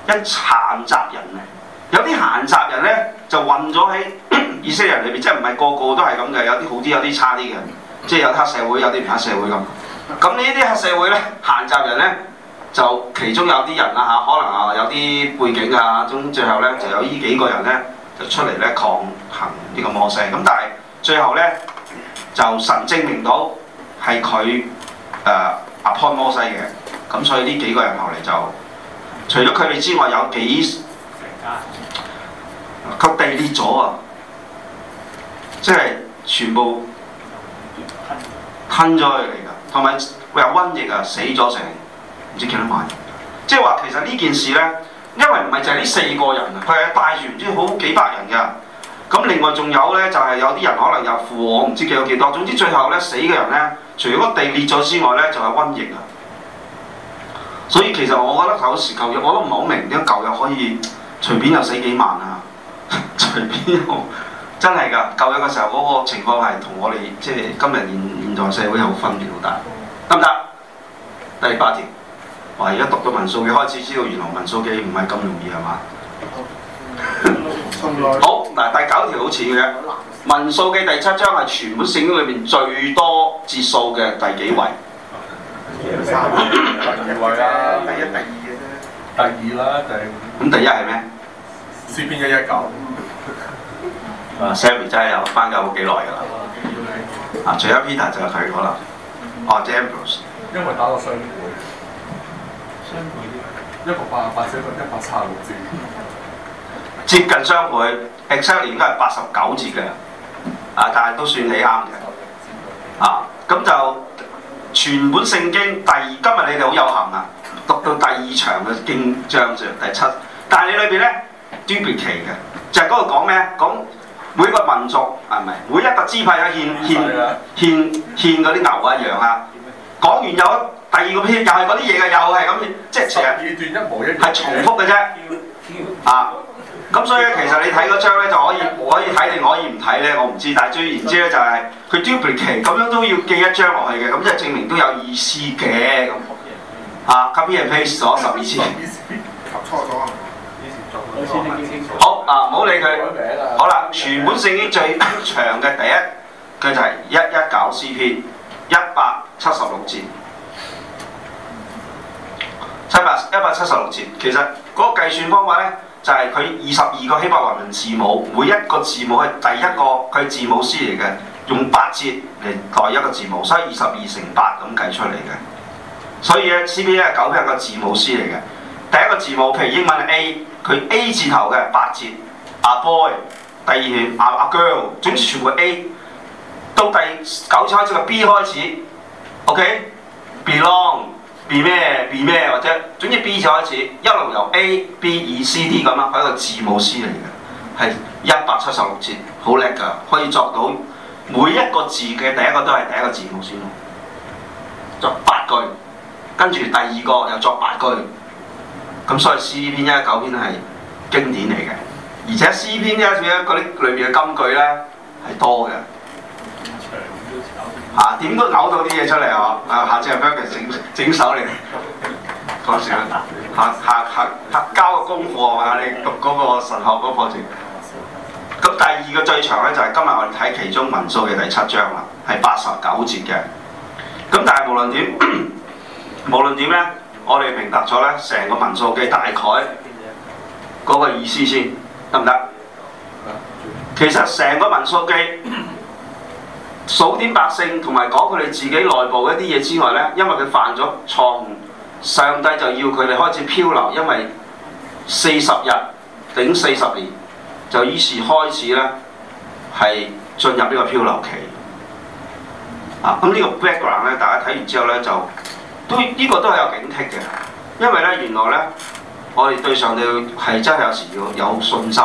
一閒雜人啊，有啲閒雜人呢就混咗喺以色列人裏面，即係唔係個個都係咁嘅，有啲好啲，有啲差啲嘅，即係有黑社會，有啲唔黑社會咁。咁呢啲黑社會呢，閒雜人呢，就其中有啲人啊可能啊有啲背景啊，總之最後呢就有呢幾個人呢。出嚟咧抗衡呢個摩西，咁但係最後咧就神證明到係佢誒 appoint 摩西嘅，咁所以呢幾個人後嚟就除咗佢哋之外，有幾啊，個地裂咗啊，即係全部吞咗佢嚟㗎，同埋話瘟疫啊，死咗成唔知幾多萬，即係話其實呢件事咧。因為唔係就係呢四個人啊，係啊帶住唔知好幾百人嘅，咁另外仲有呢，就係、是、有啲人可能有附我唔知多幾多。總之最後呢，死嘅人呢，除咗地裂咗之外呢，就係瘟疫啊。所以其實我覺得舊時舊日我都唔係好明點解舊日可以隨便又死幾萬啊，隨便又真係㗎。舊日嘅時候嗰個情況係同我哋即係今日現現代社會有分別好大。得唔得？第八條。話而家讀到民數記嘅，開始知道原來民數記嘅唔係咁容易係嘛？好，嗱，第九條好淺嘅，民數記嘅第七章係全本聖經裏面最多節數嘅第幾位？第三、第二啦，第一、第二嘅啫。第二啦，定咁第一係咩？詩篇一一九啊，Sammy 真係有返咗好幾耐㗎啦。啊，除咗 Peter 就係佢嗰啦，啊 James，因為打到水。一個億，一八啊八寫一百七啊六折，接近雙倍。Excel 應該係八十九折嘅，啊，但係都算你啱嘅，啊，咁就全本聖經第二。今日你哋好有幸啊，讀到第二場嘅經章就第七，但係你裏邊咧，特別期嘅，就係嗰度講咩啊？講每個民族係咪，每一個支派有獻獻獻獻嗰啲牛一羊啊？講完有第二個篇又係嗰啲嘢嘅，又係咁，即係其實一段一模一樣係重複嘅啫。啊，咁所以其實你睇嗰張咧就可以可以睇定可以唔睇咧，我唔知。但係總言之咧就係、是、佢 duplicate 咁樣都要記一張落去嘅，咁即係證明都有意思嘅咁。啊，copy and paste 咗十二次。好啊，唔好理佢。好啦， 全本聖經最長嘅第一，佢就係一一九詩篇一百。七十六節，七百一百七十六節。其實嗰個計算方法呢，就係佢二十二個希伯來文字母，每一個字母係第一個佢字母詩嚟嘅，用八節嚟代一個字母，所以二十二乘八咁計出嚟嘅。所以呢 c b A 九拼係個字母詩嚟嘅。第一個字母譬如英文嘅 A，佢 A 字頭嘅八節，阿 boy，第二阿阿 girl，總之全部 A。到第九次開始個 B 開始。O K. belong be 咩 be 咩或者總之 B 就開始一路由 A B 二、e, C D 咁啦，係一個字母詩嚟嘅，係一百七十六節，好叻㗎，可以作到每一個字嘅第一個都係第一個字母先咯，作八句，跟住第二個又作八句，咁所以詩篇一一九篇係經典嚟嘅，而且詩篇一九篇嗰啲裏面嘅金句咧係多嘅。嚇點、啊、都嘔到啲嘢出嚟哦！誒、啊、下次俾人整整手你，講笑。下下下下交嘅功課啊，你讀嗰、那個神學嗰課程。咁第二個最長咧就係、是、今日我哋睇其中民數嘅第七章啦，係八十九節嘅。咁但係無論點，無論點咧，我哋明白咗咧成個民數記大概嗰個意思先得唔得？其實成個民數記。數點百姓同埋講佢哋自己內部一啲嘢之外呢，因為佢犯咗錯誤，上帝就要佢哋開始漂流，因為四十日頂四十年，就於是開始呢係進入呢個漂流期啊！咁呢個 background 呢，大家睇完之後呢，就都呢個都係有警惕嘅，因為呢原來呢，我哋對上帝係真係有時要有信心，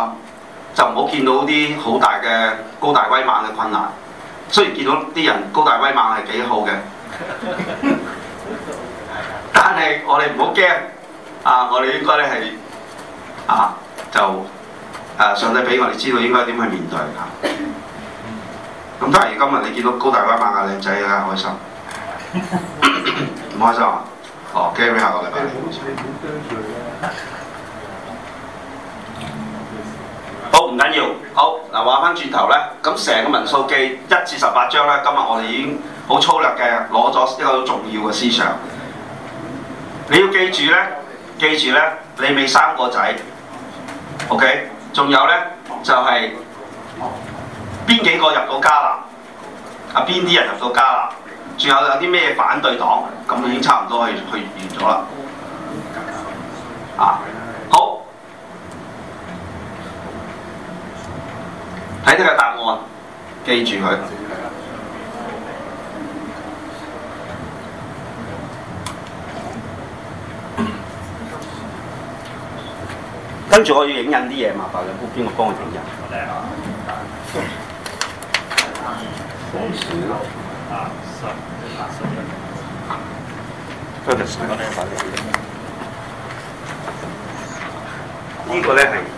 就唔好見到啲好大嘅高大威猛嘅困難。雖然見到啲人高大威猛係幾好嘅， 但係我哋唔好驚啊！我哋應該咧係啊就啊上帝俾我哋知道應該點去面對啊！咁當然今日你見到高大威猛嘅靚仔啊開心唔 開心啊？哦驚你下個禮拜 唔緊要，好，嗱話翻轉頭呢，咁成個民數記一至十八章呢，今日我哋已經好粗略嘅攞咗一個重要嘅思想。你要記住呢，記住呢，你未生過仔，OK？仲有呢，就係、是、邊幾個入到迦南？啊，邊啲人入到迦南？仲有有啲咩反對黨？咁已經差唔多去去完咗啦，睇呢個答案，記住佢。跟住我要影印啲嘢，麻煩嘅，冇邊個幫我影印？得啊。好，二、三、四、五。得啦，呢個咧係。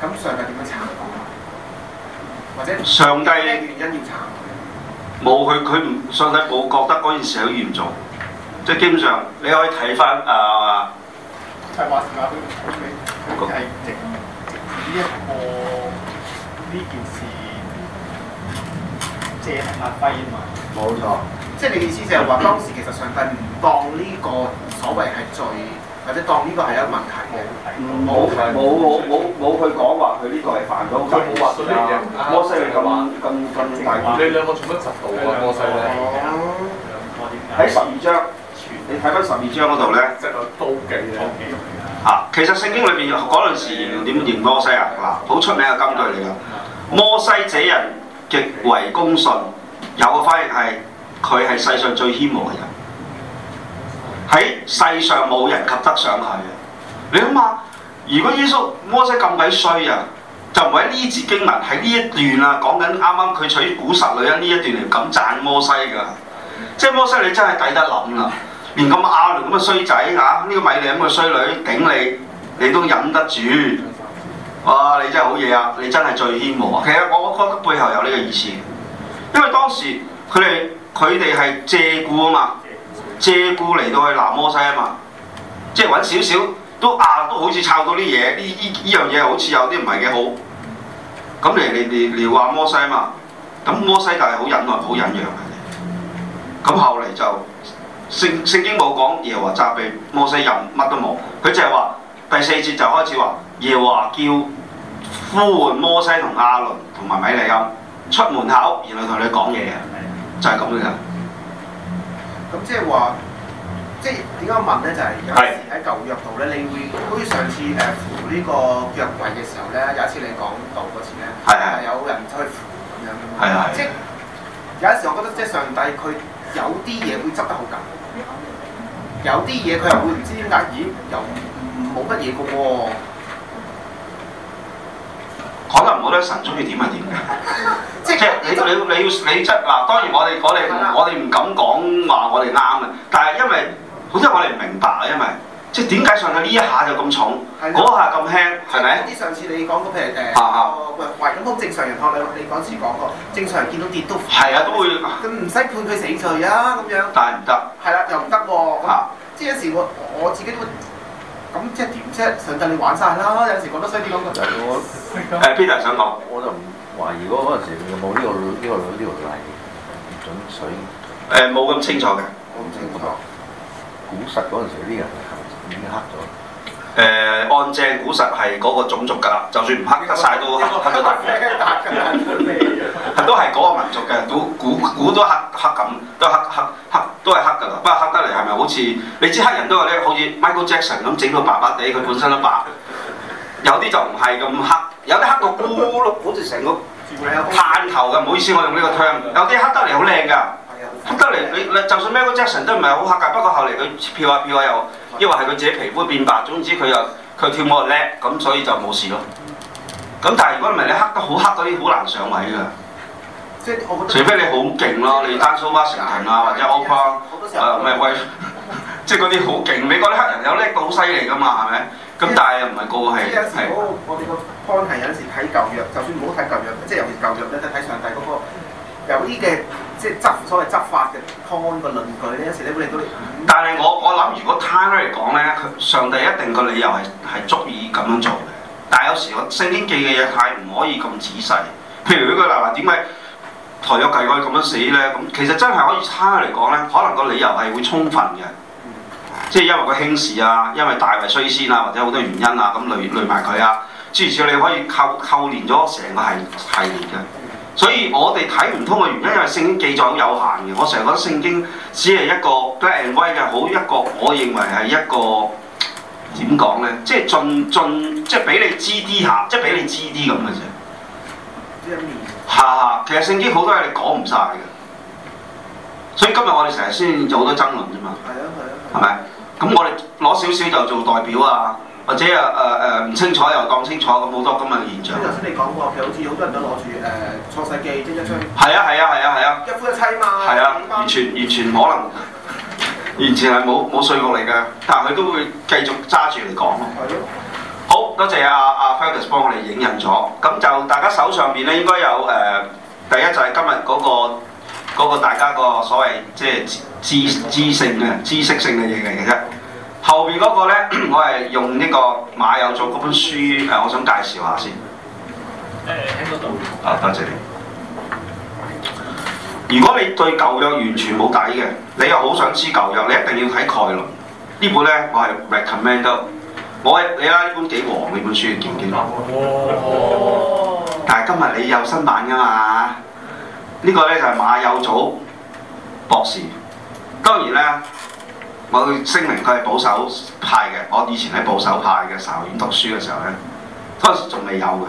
咁上帝點樣查？或者咩帝原因要查？冇佢，佢唔上帝冇覺得嗰件事好嚴重，即係基本上你可以睇翻啊。係話時話都好，你係直以呢一個呢件事借阿輝啊嘛。冇錯。錯即係你嘅意思就係話當時其實上帝唔當呢、這個所謂係罪。或者當呢個係一個問題嘅，冇冇冇冇冇佢講話佢呢個係犯咗好多法律嘅。摩西咁咁咁大，你兩個做乜執到啊？摩西咧喺十二章，全你睇翻十二章嗰度咧，即係妒忌咧。啊，其實聖經裏邊嗰陣時點認摩西啊？嗱、啊，好出名嘅金句嚟㗎。摩西這人極為公信，有個翻譯係佢係世上最謙和嘅人，喺世上冇人及得上佢啊！你諗下，如果耶穌摩西咁鬼衰啊，就唔係呢字經文喺呢一段啊，講緊啱啱佢娶古實女人呢一段嚟噉讚摩西噶，即係摩西你真係抵得諗啦！連咁亞倫咁嘅衰仔吓，呢、啊這個米利暗嘅衰女頂你，你都忍得住，哇！你真係好嘢啊！你真係最謙和啊！其實我覺得背後有呢個意思，因為當時佢哋佢哋係借故啊嘛。借故嚟到去鬧摩西啊嘛，即係揾少少都啊都好似摷到啲嘢，呢呢呢樣嘢好似有啲唔係幾好。咁你你你你話摩西啊嘛，咁摩西就係好忍耐、好忍讓嘅。咁後嚟就聖聖經冇講耶和華責備摩西又，又乜都冇。佢就係話第四節就開始話耶和華叫呼喚摩西同亞倫同埋米利暗，啊、出門口，然後同你講嘢啊，就係咁嘅啦。咁即係話，即係點解問咧？就係、是、有時喺舊約度咧，你會好似是上次誒扶呢個約櫃嘅時候咧，有一次你講到嗰次咧，係係的有人出去扶咁樣嘅啊，的即係有陣時我覺得即係上帝佢有啲嘢會執得好緊，有啲嘢佢又會唔知點解，咦又冇乜嘢嘅喎。神中意點係點嘅？即係你你你要你出嗱，當然我哋我哋我哋唔敢講話，我哋啱嘅。但係因為，好多我哋唔明白啊，因為即係點解上去呢一下就咁重，嗰下咁輕，係咪？啲上次你講嗰譬如誒，個喂，係咁正常人學你，你嗰時講過，正常人見到跌都係啊，都會咁唔使判佢死罪啊咁樣。但係唔得。係啦，又唔得喎。嚇！即係有時我我自己都會。咁即係點啫？上帝你玩晒啦，有時覺得衰啲咁嘅。就我誒邊度想講，我就懷疑嗰嗰陣時有冇呢、呢個呢、呢個呢條、呢個、例準水誒冇咁清楚嘅，我，咁清楚，清楚古實嗰陣時啲人已經黑咗。誒、呃、按正古實係嗰個種族㗎啦，就算唔黑黑晒 都黑都得，係都係嗰個民族嘅，都古古都黑黑咁，都黑黑黑都係黑㗎啦。不過黑得嚟係咪好似你知黑人都係咧，好似 Michael Jackson 咁整到白白地，佢本身都白。有啲就唔係咁黑，有啲黑到咕碌，好似成個炭頭㗎。唔好意思，我用呢個 term。有啲黑得嚟好靚㗎。得嚟你嗱，就算 Michael Jackson 都唔係好黑嘅，不過後嚟佢跳下跳下又，因為係佢自己皮膚變白，總之佢又佢跳舞叻，咁所以就冇事咯。咁但係如果唔係你黑得好黑嗰啲，好難上位嘅。即係我覺得、那個，除非你好勁咯，那個、你 Denzel Washington 啊，或者 Oprah，啊，唔係喂即係嗰啲好勁，美國啲黑人有叻到好犀利㗎嘛，係咪？咁但係又唔係個個係。係。係。我哋個 point 係有時睇是舊約，就算唔好睇舊約，即係尤其舊約咧，睇上帝嗰、那個。有啲嘅即係執，所謂執法嘅，判個論據咧，有時咧會令都。你、嗯。但係我我諗，如果攤開嚟講咧，佢上帝一定個理由係係足以咁樣做嘅。但係有時我聖經記嘅嘢太唔可以咁仔細。譬如嗰個嗱嗱，點解台咗契哥咁樣死咧？咁其實真係可以攤開嚟講咧，可能個理由係會充分嘅，嗯、即係因為個輕視啊，因為大為衰先啊，或者好多原因啊，咁累累埋佢啊，至少你可以扣扣連咗成個系係列嘅。所以我哋睇唔通嘅原因，因為聖經記載好有限嘅。我成日覺得聖經只係一個，都係 a n w y 嘅好一個。我認為係一個，點講呢？即係盡盡，即係俾你知啲下，即係俾你知啲咁嘅啫。嚇樣！其實聖經好多嘢你講唔晒嘅，所以今日我哋成日先有好多爭論啫嘛。係啊係啊。係咪？咁我哋攞少少就做代表啊！或者啊，誒誒唔清楚，又講清楚，咁好多咁嘅現象。咁頭先你講過佢好似好多人都攞住誒，錯世記即一出。係啊係啊係啊係啊，啊啊啊一夫一妻嘛。係啊完，完全完全唔可能，完全係冇冇稅學嚟嘅，但係佢都會繼續揸住嚟講咯。係咯的。好，多謝阿、啊、阿、啊、Fergus 幫我哋影印咗。咁就大家手上邊咧應該有誒、呃，第一就係今日嗰、那個嗰、那個大家個所謂即知知，知性嘅知識性嘅嘢嚟嘅啫。後面嗰個咧， 我係用呢個馬有祖嗰本書，我想介紹下先。誒，喺度。啊，多謝，謝你。如果你對舊約完全冇底嘅，你又好想知舊約，你一定要睇概論。呢本呢，我係 recommend 到。我你睇下呢本幾黃？呢本書見唔見？看看哦，但係今日你有新版㗎嘛？呢、這個呢，就係、是、馬有祖博士。當然咧。我聲明佢係保守派嘅，我以前喺保守派嘅神學院讀書嘅時候咧，嗰陣時仲未有㗎，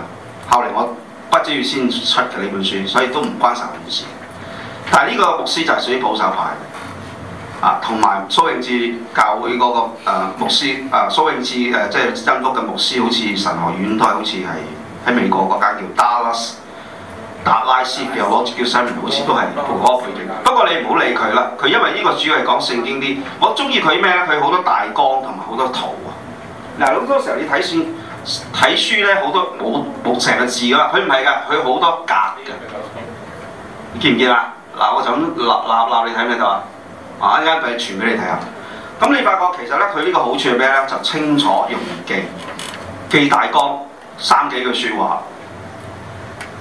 後嚟我畢咗業先出嘅呢本書，所以都唔關神學院事。但係呢個牧師就係屬於保守派，啊，同埋蘇永智教會嗰、那個、呃、牧師啊，蘇、呃、永智，誒、呃、即係恩福嘅牧師，好似神學院都係好似係喺美國嗰間叫 Dallas。達拉斯又攞住叫西門，好似是都係嗰個背景。不過你唔好理佢啦，佢因為呢個主要係講聖經啲。我中意佢咩咧？佢好多大綱同埋好多圖啊！嗱，好多時候你睇書睇書咧，好多冇冇成個字噶，佢唔係㗎，佢好多格嘅。你見唔見啊？嗱，我就咁立立立，你睇唔睇到啊？啊，一陣間佢傳俾你睇啊！咁你發覺其實咧，佢呢個好處係咩咧？就清楚容易記，記大綱三幾句說話。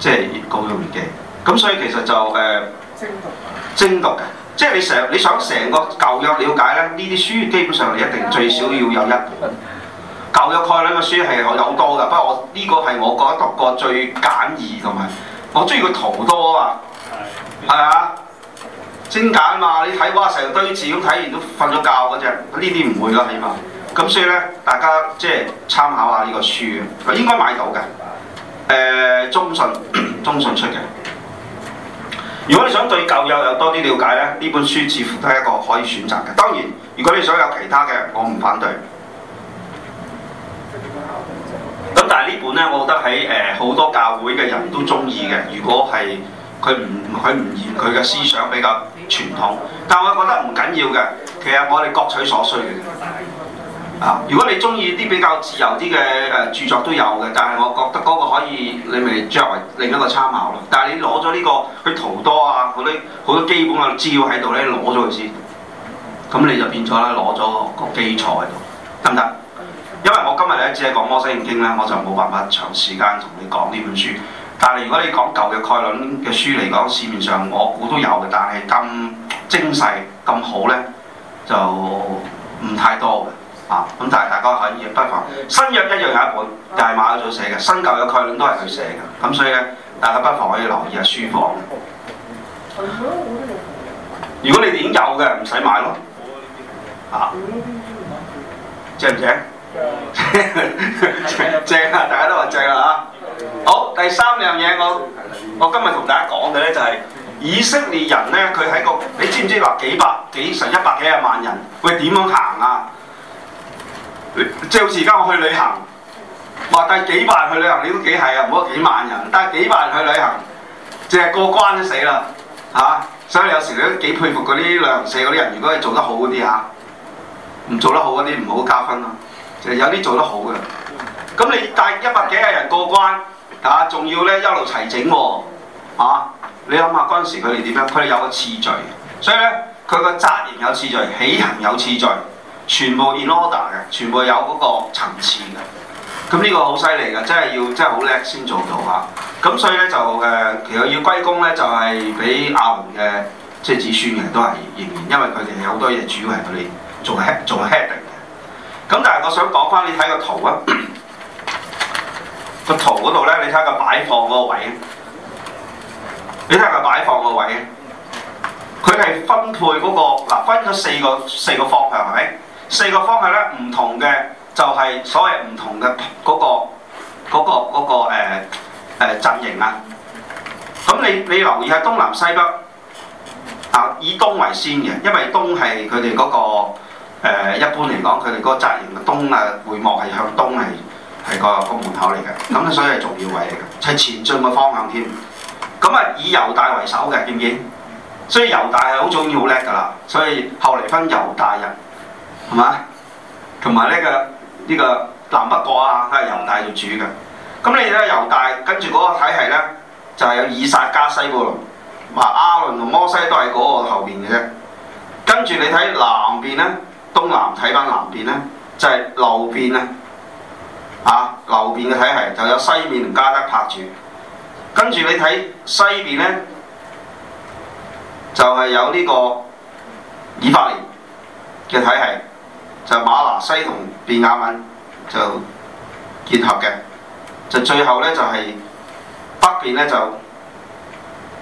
即係越高咗年紀，咁所以其實就誒、呃、精讀，精讀嘅，即係你成你想成個舊約了解咧，呢啲書基本上你一定最少要有一本舊約概論嘅書係有好多噶，不過我呢、這個係我覺得讀過最簡易同埋，我中意個圖多啊，係啊，精簡啊嘛，你睇哇成堆字咁睇完都瞓咗覺嗰隻，呢啲唔會啦，起碼，咁所以咧大家即係參考下呢個書，應該買到嘅。誒、呃、中信，中信出嘅。如果你想對舊友有多啲了解呢，呢本書似乎都係一個可以選擇嘅。當然，如果你想有其他嘅，我唔反對。咁但係呢本呢，我覺得喺誒好多教會嘅人都中意嘅。如果係佢唔佢唔嫌佢嘅思想比較傳統，但係我覺得唔緊要嘅。其實我哋各取所需嘅。啊！如果你中意啲比較自由啲嘅誒著作都有嘅，但係我覺得嗰個可以你咪作為另一個參考咯。但係你攞咗呢個佢圖多啊，啲好多，好多基本嘅資料喺度咧，攞咗佢先，咁你就變咗啦，攞咗個基礎喺度，得唔得？因為我今日咧只係講《摩西五經》咧，我就冇辦法長時間同你講呢本書。但係如果你講舊嘅概論嘅書嚟講，市面上我估都有嘅，但係咁精細咁好呢，就唔太多嘅。啊！咁但係大家可以不妨新約一樣有一本，但、就、係、是、馬老祖寫嘅，新舊嘅概論都係佢寫嘅。咁、啊、所以咧，大家不妨可以留意下書房。如果你哋已經有嘅，唔使買咯。嚇、啊，正唔正，正， 正？正正啊！大家都話正啦嚇。好，第三樣嘢我我今日同大家講嘅咧就係、是、以色列人咧，佢喺個你知唔知話幾百幾，百幾十一百幾啊萬人，佢點樣行啊？最遲而家我去旅行，話帶幾萬去旅行，你都幾係啊？唔好幾萬人，帶幾萬人去旅行，淨係過關都死啦，吓、啊！所以有時你都幾佩服嗰啲旅行社嗰啲人，如果係做得好嗰啲吓，唔、啊、做得好嗰啲唔好加分咯。就係、有啲做得好嘅，咁你帶一百幾廿人過關，吓、啊，仲要呢一路齊整、啊，吓、啊，你諗下嗰陣時佢哋點樣？佢哋有個次序，所以呢，佢個責任有次序，起行有次序。全部 in order 嘅，全部有嗰個層次嘅。咁呢個好犀利嘅，真係要真係好叻先做到嚇。咁所以咧就誒、呃，其實要歸功咧就係俾亞倫嘅即係子孫嘅都係仍然，因為佢哋有好多嘢主要係佢哋做 head 做 heading 嘅。咁但係我想講翻，你睇個圖啊，個 圖嗰度咧，你睇下個擺放個位，你睇下個擺放個位，佢係分配嗰、那個嗱、啊、分咗四個四個方向係咪？是四個方向咧，唔同嘅就係、是、所謂唔同嘅嗰、那個嗰、那個嗰、那個誒誒陣營啊。咁、那個呃、你你留意下東南西北啊，以東為先嘅，因為東係佢哋嗰個誒、呃、一般嚟講，佢哋嗰個陣營東啊，會幕係向東係係個個門口嚟嘅，咁所以係重要位嚟嘅，係前進嘅方向添。咁啊，以猶大為首嘅，見唔見？所以猶大係好重要、好叻㗎啦。所以後嚟分猶大人。係嘛？同埋呢個呢、這個南北國啊，都係猶大做主嘅。咁你睇猶大跟住嗰個體系呢，就係、是、有以撒加西布倫，嘛，亞倫同摩西都係嗰個後邊嘅啫。跟住你睇南邊呢，東南睇翻南邊呢，就係、是、流便啊！啊，流便嘅體系就有西面同加德拍住。跟住你睇西邊呢，就係、是、有呢個以法蓮嘅體系。就瑪拿西同便雅憫就結合嘅，就最後咧就係、是、北邊咧就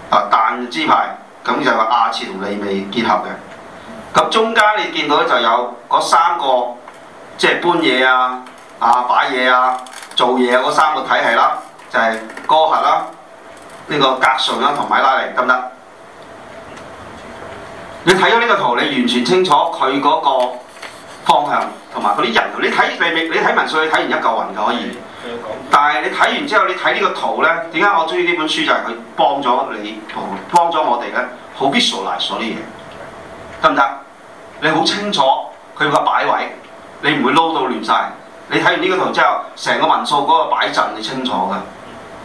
啊但支派，咁就亞朝同利未結合嘅，咁中間你見到咧就有嗰三個即係搬嘢啊、啊擺嘢啊、做嘢嗰、啊、三個體系啦，就係哥轄啦、呢、這個革順啦同埋米拉利，得唔得？你睇咗呢個圖，你完全清楚佢嗰、那個。方向同埋嗰啲人，你睇明明你睇民數，你睇完一嚿雲就可以。但係你睇完之後，你睇呢個圖呢，點解我中意呢本書就係佢幫咗你，幫咗我哋咧？好 basic 嚟，所以得唔得？你好清楚佢個擺位，你唔會撈到亂晒。你睇完呢個圖之後，成個民數嗰個擺陣你清楚㗎，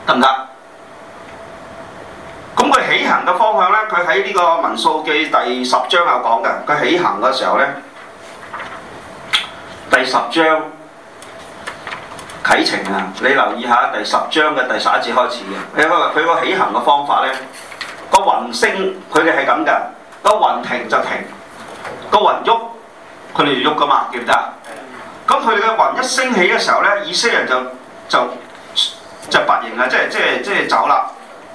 得唔得？咁佢起行嘅方向呢，佢喺呢個民數記第十章有講嘅。佢起行嘅時候呢。第十章啟程啊！你留意下第十章嘅第十一節開始嘅。佢個起行嘅方法咧，個雲升，佢哋係咁噶，個雲停就停，個雲喐佢哋就喐噶嘛，記唔記得啊？咁佢哋嘅雲一升起嘅時候咧，以色列人就就就拔營啊！即係即係即係走啦。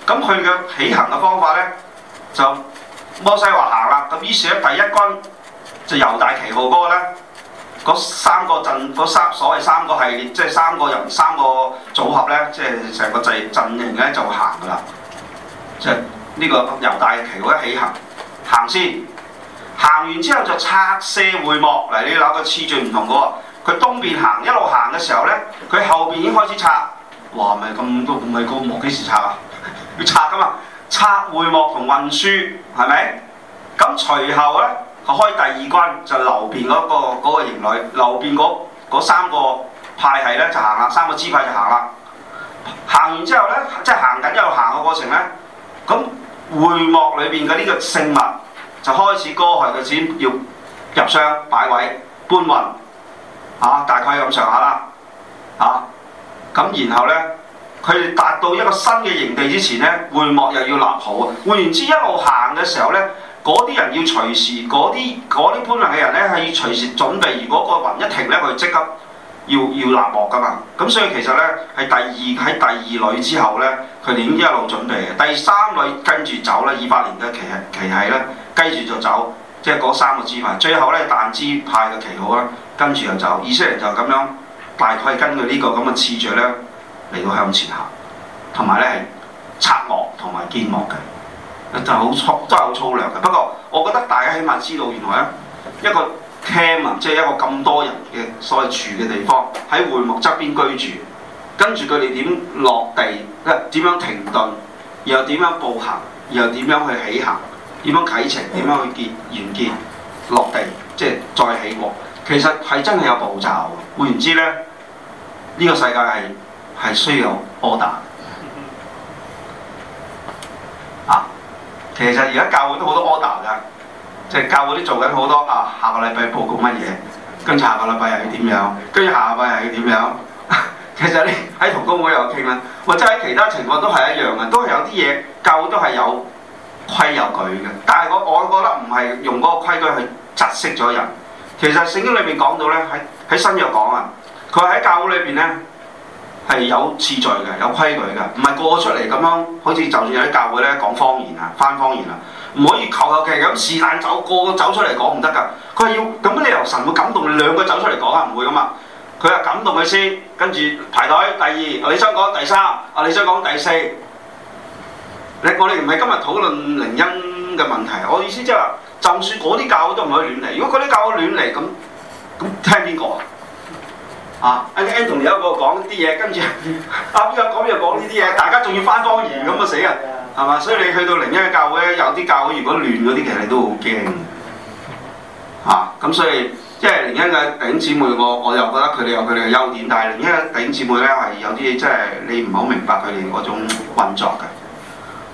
咁佢嘅起行嘅方法咧，就摩西話行啦。咁於是咧，第一軍就由大旗號哥咧。嗰三個陣，嗰三所謂三個係即係三個人三個組合咧，即係成個陣陣型咧就行噶啦。即係呢個由大旗嗰一起行，行先行完之後就拆卸會幕嚟。你留意個次序唔同嘅喎，佢東邊行一路行嘅時候咧，佢後邊已經開始拆。哇！唔係咁多，唔係個幕幾時拆啊？ 要拆噶嘛？拆會幕同運輸係咪？咁隨後咧？佢開第二關就流便嗰、那個嗰、那個營隊，流便嗰嗰三個派系咧就行啦，三個支派就行啦。行完之後呢，即係行緊一路行嘅過程呢，咁會幕裏邊嘅呢個聖物就開始過河嘅時要入箱擺位搬運，啊，大概咁上下啦，啊，咁然後呢，佢達到一個新嘅營地之前呢，會幕又要立好啊。換言之，一路行嘅時候呢。嗰啲人要隨時，嗰啲嗰啲搬運嘅人呢係要隨時準備，如果個雲一停呢，佢即刻要要立幕噶嘛。咁所以其實呢喺第二喺第二旅之後呢，佢已經一路準備嘅。第三旅跟住走啦，二八年嘅旗旗係呢，跟住就走，即係嗰三個支派。最後呢，但支派嘅旗號啦，跟住又走，以色列就咁樣大概根據呢個咁嘅、這個、次序呢，嚟到向前行，同埋呢係拆幕同埋建幕嘅。就好粗，真係好粗略嘅。不過，我覺得大家起碼知道原來咧，一個 camp 即係一個咁多人嘅所謂住嘅地方，喺會幕側邊居住。跟住佢哋點落地，即係點樣停頓，然後點樣步行，然後點樣去起行，點樣啟程，點樣去結完結落地，即係再起幕。其實係真係有步驟嘅。換言之咧，呢個世界係係需要柯打。其實而家教會都好多 order 㗎，即係教會都做緊好多啊。下個禮拜報告乜嘢，跟住下個禮拜又要點樣，跟住下個禮拜又要點樣。其實你喺同工會又傾啦，或者喺其他情況都係一樣嘅，都係有啲嘢教會都係有規有矩嘅。但係我我覺得唔係用嗰個規矩去窒息咗人。其實聖經裏面講到咧喺喺新約講啊，佢喺教會裏邊咧。係有次序嘅，有規矩嘅，唔係個個出嚟咁樣，好似就算有啲教會呢講方言啊，翻方言啦，唔可以求求其其咁是但走個個走出嚟講唔得㗎。佢係要咁，乜理由？神會感動你兩個走出嚟講啊？唔會㗎嘛？佢係感動佢先，跟住排隊。第二，你想講第三，啊，你想講第四。你我哋唔係今日討論靈恩嘅問題，我意思即係話，就算嗰啲教會都唔可以亂嚟。如果嗰啲教會亂嚟咁，咁聽邊個啊？啊！阿 N 同有個一個，講呢啲嘢，跟住啊邊又講邊又講呢啲嘢，大家仲要翻方言咁啊死啊！係嘛、啊？所以你去到靈恩嘅教會咧，有啲教會如果亂嗰啲，其實你都好驚嘅。咁所以即係靈恩嘅弟兄姊妹，我我又覺得佢哋有佢哋嘅優點，但係靈恩嘅弟兄姊妹咧，係有啲即係你唔係好明白佢哋嗰種運作嘅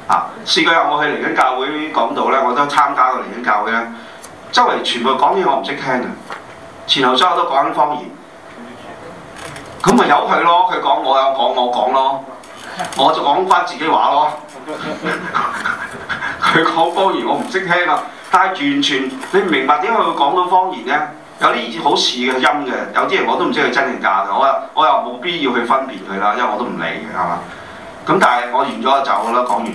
嚇。試、啊、過有我去靈恩教會講道呢，我都參加過靈恩教會咧，周圍全部講嘢我唔識聽嘅，前後周都講緊方言。咁咪由佢咯，佢講我有講我講咯，我就講翻自己話咯。佢 講方言我唔識聽啊，但係完全你唔明白點解佢講到方言呢，有啲好似嘅音嘅，有啲人我都唔知佢真定假嘅，我我又冇必要去分辨佢啦，因為我都唔理嘅係嘛。咁但係我完咗就走啦，講完。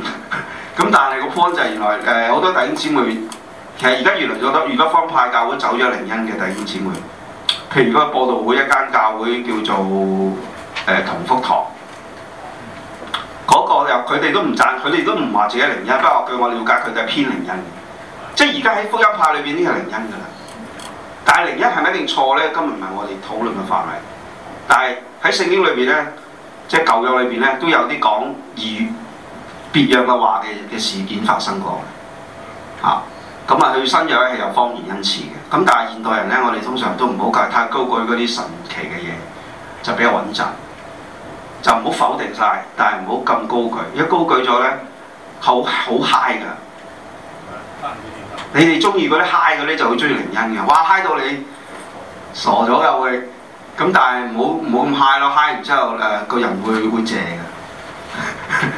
咁 但係個 point 就原來誒好、呃、多弟兄姊妹，其實而家越來越多，如果方派教會走咗靈恩嘅弟兄姊妹。譬如嗰個播道會一間教會叫做誒、呃、同福堂，嗰、那個又佢哋都唔贊，佢哋都唔話自己靈恩，不過據我了解，佢哋係偏靈恩即係而家喺福音派裏邊，呢係靈恩㗎啦。但係靈恩係咪一定錯呢？根本唔係我哋討論嘅範圍。但係喺聖經裏邊呢，即係舊約裏邊呢，都有啲講異別樣嘅話嘅嘅事件發生過。好、啊。咁啊，佢新約係有方言恩賜嘅。咁但係現代人呢，我哋通常都唔好太高舉嗰啲神奇嘅嘢，就比較穩陣，就唔好否定晒。但係唔好咁高舉。一高舉咗呢，好好 high 噶。你哋中意嗰啲 high 嗰啲，就好中意靈音嘅。哇嗨到你傻咗又會，咁但係唔好唔好咁 high 咯，high 完之後誒個人會會謝嘅。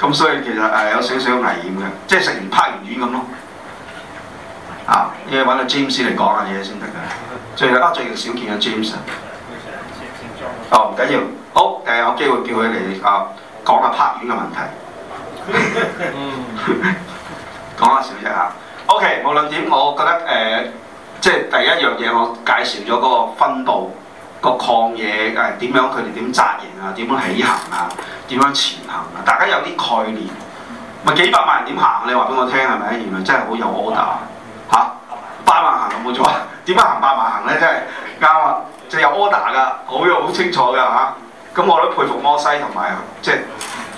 咁 所以其實誒有少少危險嘅，即係食完拍完軟咁咯。啊！要揾阿 James 嚟講下嘢先得㗎，最近啊最近少見嘅 James 啊。哦，唔緊要，好、哦、誒，第日有機會叫佢哋啊，講下拍片嘅問題。嗯。講下笑一下。OK，無論點，我覺得誒、呃，即係第一樣嘢，我介紹咗嗰個分佈、嗰個曠野，誒、啊、點樣，佢哋點紮營啊，點樣起行啊，點樣前行啊，大家有啲概念。咪幾百萬人點行？你話俾我聽係咪？原來真係好有 order。冇錯啊！點樣行百萬行呢？真係啱啊！就有 order 噶，好有好清楚噶嚇。咁、啊、我都佩服摩西同埋，即係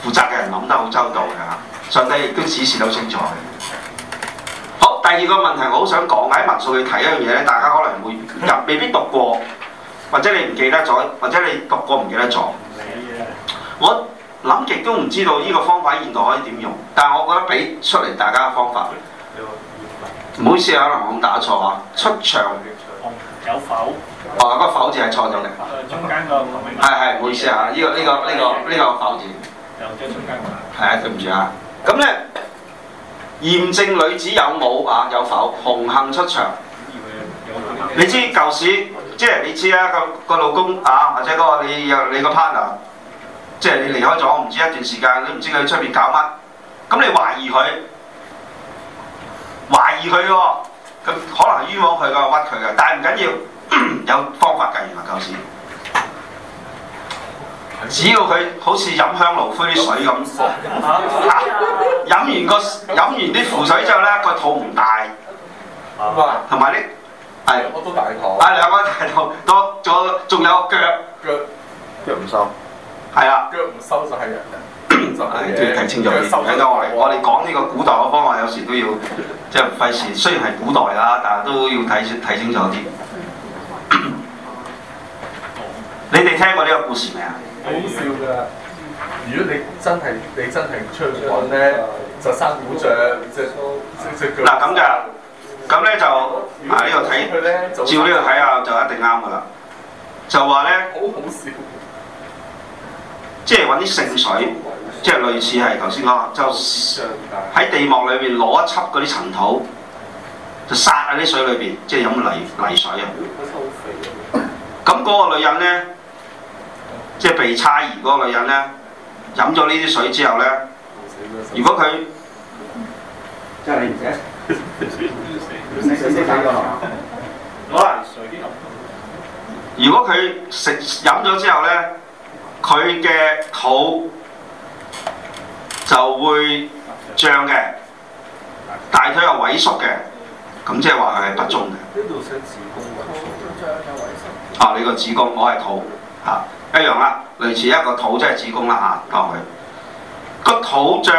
負責嘅人諗得好周到嘅、啊、上帝亦都指示到清楚嘅。好，第二個問題我好想講喺民數去睇一樣嘢咧，大家可能唔會入，未必讀過，或者你唔記得咗，或者你讀過唔記得咗。我諗極都唔知道呢個方法現代可以點用，但係我覺得俾出嚟大家嘅方法。唔好意思啊，可能我打錯啊。出場有否？啊、哦，嗰個否字好似係錯咗嘅。中間、這個。係、這、係、個，唔好意思啊！呢個呢個呢個呢個否字。出街係啊，對唔住啊。咁咧 ggi，驗證女子有冇啊？有否？紅杏出牆。你知舊時，即係你知啊，個個老公啊，或者嗰個你又你個 partner，即係你離開咗，唔知一段時間，你唔知佢出邊搞乜。咁你懷疑佢？懷疑佢喎，咁可能冤枉佢噶，屈佢噶，但係唔緊要，有方法㗎。原來舊時，只要佢好似飲香爐灰啲水咁，嚇，飲、啊、完個飲完啲符水之後咧，個肚唔大，哇、啊，同埋呢，係我都大肚，係兩個大肚，多咗，仲有腳腳腳唔收，係啊，腳唔收就係人嘅。係都 要睇清楚啲， 我我哋講呢個古代嘅方面，有時都要即係、就是、費事。雖然係古代啦，但係都要睇睇清楚啲。 你哋聽過呢個故事未啊？好笑㗎！如果你真係你真係出門咧，嗯、就生古像，即係嗱咁就咁咧就喺度睇照呢度睇下，就一定啱㗎啦。就話咧，好好笑。即係揾啲聖水，即係類似係頭先講，就喺地幕裏面攞一撮嗰啲塵土，就撒喺啲水裏邊，即係飲泥泥水啊！咁嗰 個女人呢，即、就、係、是、被猜疑嗰個女人呢，飲咗呢啲水之後呢， 如果佢即係你唔識，好啦，如果佢食飲咗之後呢。佢嘅肚就會脹嘅，大腿又萎縮嘅，咁即係話佢係不忠嘅。呢度寫子宮喎、啊，啊，你個子宮，我係肚一樣啦，類似一個肚即係子宮啦嚇，當、啊、佢、啊那個肚脹，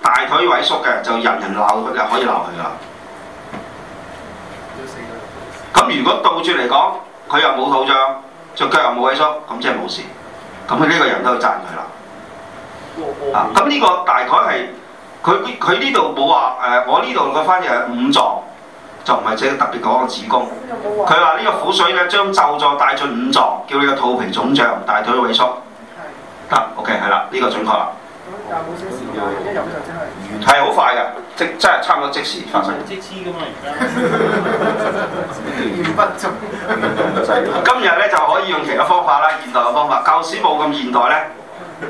大腿萎縮嘅就人人鬧佢嘅，可以鬧佢啦。咁、啊、如果倒轉嚟講，佢又冇肚脹，隻腳又冇萎縮，咁即係冇事。咁佢呢個人都要讚佢啦，啊！咁、這、呢個大概係佢佢呢度冇話誒，我、嗯這個、呢度嘅翻譯係五臟，就唔係即係特別講個子宮，佢話呢個苦水咧將就臟帶進五臟，叫你個肚皮腫脹，大腿萎縮，得 OK 係啦，呢、這個準確啦。但好少時間，一入就真係。係好快嘅，即真係差唔多即時發生。咁而家。今日咧就可以用其他方法啦，現代嘅方法。舊時冇咁現代咧，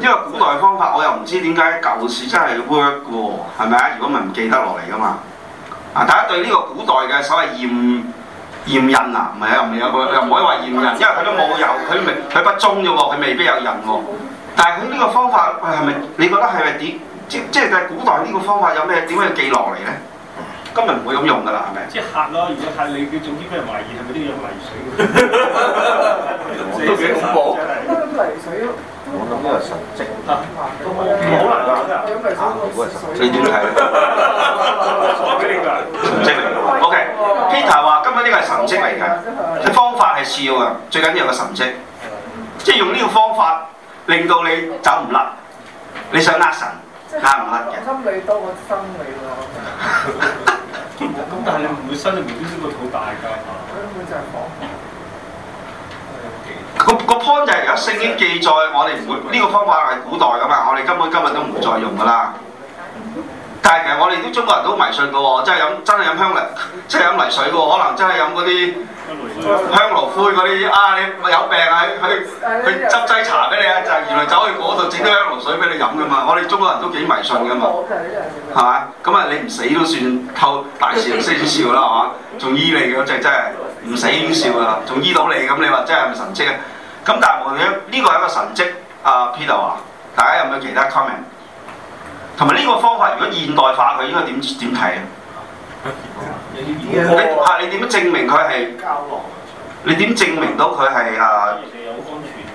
因為古代方法我又唔知點解舊時真係 work 嘅，係咪啊？如果咪唔記得落嚟噶嘛？啊！大家對呢個古代嘅所謂驗驗印啊，唔係啊，唔有，又唔可以話驗印，因為佢都冇有，佢未，佢不忠啫佢未必有印喎、啊。但係佢呢個方法係咪？你覺得係咪點？即即係古代呢個方法有咩點樣記落嚟咧？今日唔會咁用㗎啦，係咪？即係嚇咯！嚇你，你做啲咩懷疑？係咪啲用泥水？都幾恐怖，泥水咯。我諗呢個神跡好得，好難得啊！嚇，你點睇？神跡嚟 O K，Peter 話：今日呢個係神跡嚟嘅，方法係次要嘅，最緊要係神跡，即係用呢個方法。令到你走唔甩，你想呃神，呃唔甩。心理多過生理咁，但係你唔會生理未必知個肚大㗎嚇。根本就係講。個個 point 就係而家聖經記載我，我哋唔會呢 個方法係古代㗎嘛，我哋根本今日都唔會再用㗎啦。但係其實我哋啲中國人都迷信噶喎，即係真係飲香泥，即係飲泥水噶喎，可能真係飲嗰啲香爐灰嗰啲啊！你有病啊，去去執劑茶俾你啊，就係、是、原來走去嗰度整啲香爐水俾你飲噶嘛。我哋中國人都幾迷信噶嘛，係嘛？咁啊，你唔死都算偷大笑星笑啦，係嘛？仲醫你嘅真真係唔死先笑啊，仲醫到你咁，你話真係神蹟啊！咁但係我哋呢個係一個神蹟啊，Peter 啊，大家有冇其他 comment？同埋呢個方法，如果現代化佢應該點點睇啊？嚇！你點樣證明佢係？你點證明到佢係啊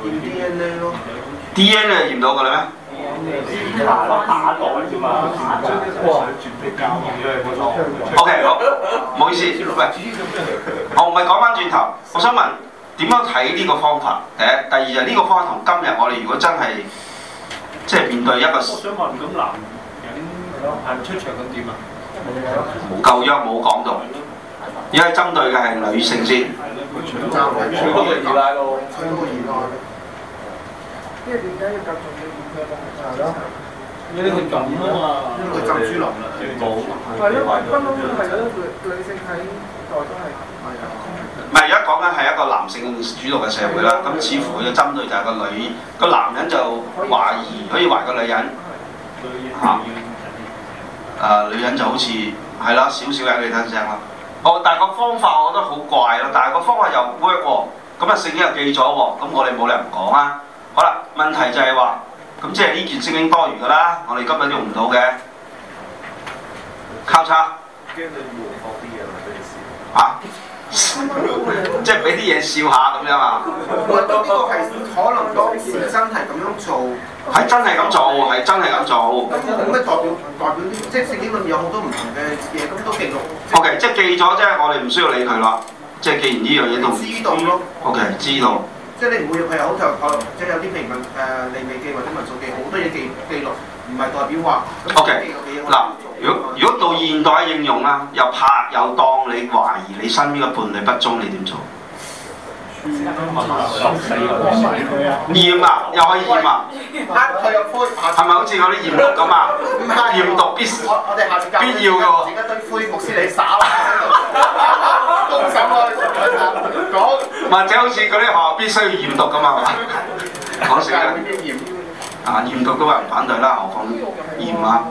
？DNA 咯？DNA 就驗到㗎啦咩？OK，好，唔好意思，喂，我唔係講翻轉頭，我想問點樣睇呢個方法？第一，第二就呢個方法同今日我哋如果真係即係面對一個。行出場咁點啊？舊約冇講到，而家針對嘅係女性先。全部意外咯，全部意外。即係點解要集中嘅？因為佢撳啊嘛，因為佔主流啦。係咯，不嬲都係咯，女女性喺現代都係。唔係，而家講緊係一個男性主導嘅社會啦。咁、嗯、似乎佢嘅針對就係個女，個、嗯、男人就懷疑，可以，可以懷個女人嚇。誒、呃、女人就好似係啦，少少有你聽聲啦。哦，但係個方法我覺得好怪咯，但係個方法又 work 喎、哦。咁啊，聖經又記咗喎、哦。咁我哋冇理由唔講啊。好啦，問題就係話，咁即係呢件聖經多餘㗎啦。我哋根本都用唔到嘅。交叉。 即係俾啲嘢笑下咁樣啊！我呢個係可能當時真係咁樣做。係 真係咁做喎，係真係咁做。咁都咩代表，代表啲即係歷史裏面有好多唔同嘅嘢，咁都記錄。O K，即係記咗即係，我哋唔需要理佢啦。 即係既然呢樣嘢都唔知道，O K，知道。即係你唔會佢有好多可能，即係有啲平民誒利未記或者民數記，好多嘢記記錄，唔係代表話。O K，嗱。如果如果到現代嘅應用啦，又拍又當你懷疑你身邊嘅伴侶不忠，你點做？驗啊，又可以驗啊，係咪好似嗰啲驗毒咁啊？咁驗毒必必要嘅喎，而堆灰木屎嚟撒啊！或者好似嗰啲學校必須要驗毒咁啊嘛？講笑，驗啊，驗毒都話唔反對啦，我講驗啊。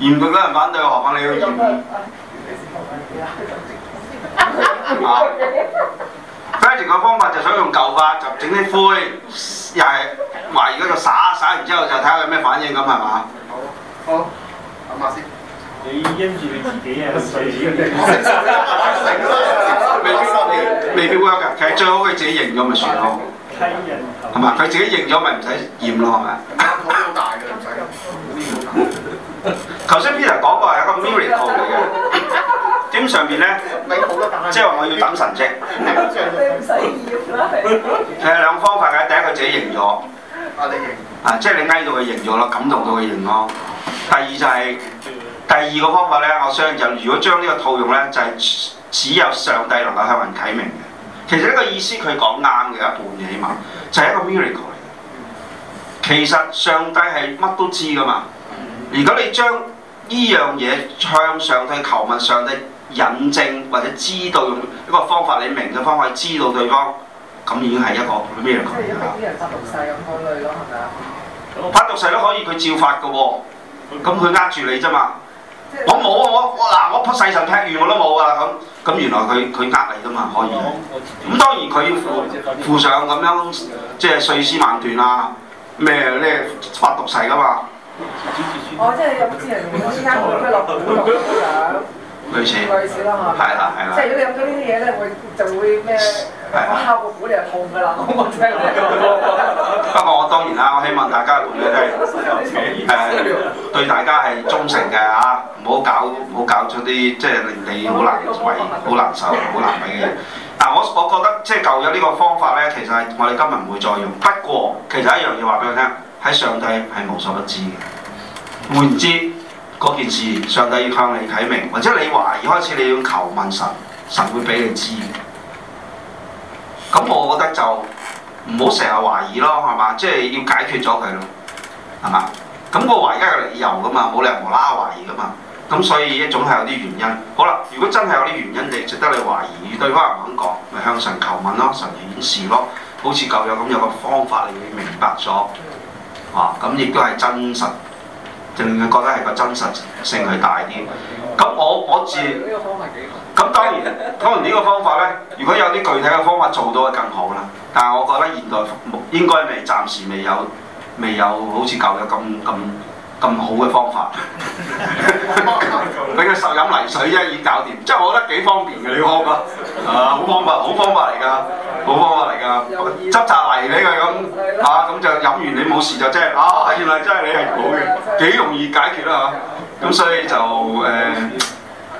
嫌佢個人反對，何況你要驗。啊，Fancy 嘅方法就想用舊法，就整啲灰，又係話而家就灑灑完之後就睇下佢咩反應咁，係嘛？好，好，諗下先。你因住你自己啊，水紙嘅啫。哈哈哈！未必得嘅，未必 work 噶。其實最好佢自己認咗咪算咯。係嘛？佢自己認咗咪唔使驗咯，係咪？好大嘅。頭先 Peter 講過係一個 miracle 嚟嘅，點上邊咧？即係話我要等神蹟。上帝唔使要。佢有兩個方法嘅，第一個自己認咗。我哋認。啊，即係你挨到佢認咗啦，感動到佢認咯。第二就係、是、第二個方法咧，我相信就如果將呢個套用咧，就係、是、只有上帝能夠向人啟明嘅。其實呢個意思佢講啱嘅一半嘢嘛，就係、是、一個 miracle 嚟嘅。其實上帝係乜都知噶嘛。如果你將呢樣嘢向上帝求問上、上帝引證或者知道用一個方法，你明嘅方法知道對方，咁已經係一個咩嘅概念，發毒誓咁嗰類咯，係咪啊？發毒誓都可以，佢照發㗎喎。咁佢呃住你啫嘛是。我冇啊我，嗱我鋪誓神劈完我都冇啊咁。咁原來佢佢呃你啫嘛，可以。咁、嗯、當然佢附上咁樣即係碎屍萬段啊，咩咩發毒誓噶嘛。哦，即係有啲人用啲膠咁樣落補落補咁樣，類似類似啦，嚇似。係啦係啦。啊啊、即係如果你飲咗呢啲嘢咧，會就會咩係敲、啊、個鼓你就痛㗎啦，不過、啊嗯、我當然啦，我希望大家用咧都係、呃呃、對大家係忠誠嘅啊，唔好搞唔好搞出啲即係令你好難為、好難受、好難為嘅嘢。但我我覺得即係舊有呢個方法咧，其實係我哋今日唔會再用。不過其實一樣嘢話俾佢聽。喺上帝係無所不知嘅，換言之，嗰件事，上帝要向你睇明，或者你懷疑開始，你要求問神，神會俾你知嘅。咁我覺得就唔好成日懷疑咯，係嘛？即係要解決咗佢咯，係嘛？咁我懷疑梗係有理由噶嘛，冇理由無啦啦懷疑噶嘛。咁所以總係有啲原因。好啦，如果真係有啲原因，你值得你懷疑，與對方唔肯講，咪向神求問咯，神顯示咯，好似舊約咁有個方法，你明白咗。哇！咁亦都係真實，就令佢覺得係個真實性佢大啲。咁 我我自咁、哎、 當然當然呢個方法呢，如果有啲具體嘅方法做到，更好啦。但係我覺得現代服務應該未暫時未有，未有好似舊日咁咁。咁好嘅方法，俾 佢受飲泥水啫，已經搞掂。即係我覺得幾方便嘅呢個，啊，好方法，好方法嚟㗎，好方法嚟㗎，啊，執扎泥俾佢咁，嚇、啊、咁就飲完你冇事就即係，啊，原來真係你係冇嘅，幾容易解決啦，啊、嚇。咁所以就誒誒、呃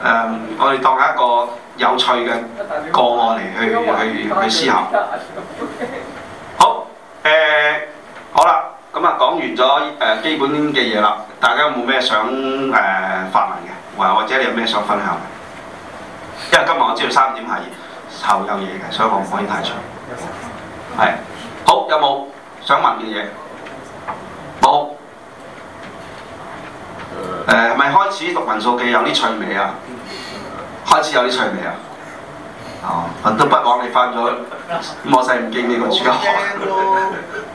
呃，我哋當一個有趣嘅個案嚟去去去思考。好，誒、呃。咁啊，講完咗誒基本嘅嘢啦，大家有冇咩想誒、呃、發問嘅，或者你有咩想分享嘅？因為今日我知道三點係後有嘢嘅，所以我唔可以太長。係，好，有冇想問嘅嘢？冇。誒、呃，係咪開始讀民數記有啲趣味啊！開始有啲趣味啊！哦，都不枉你翻咗，咁我真唔驚呢個暑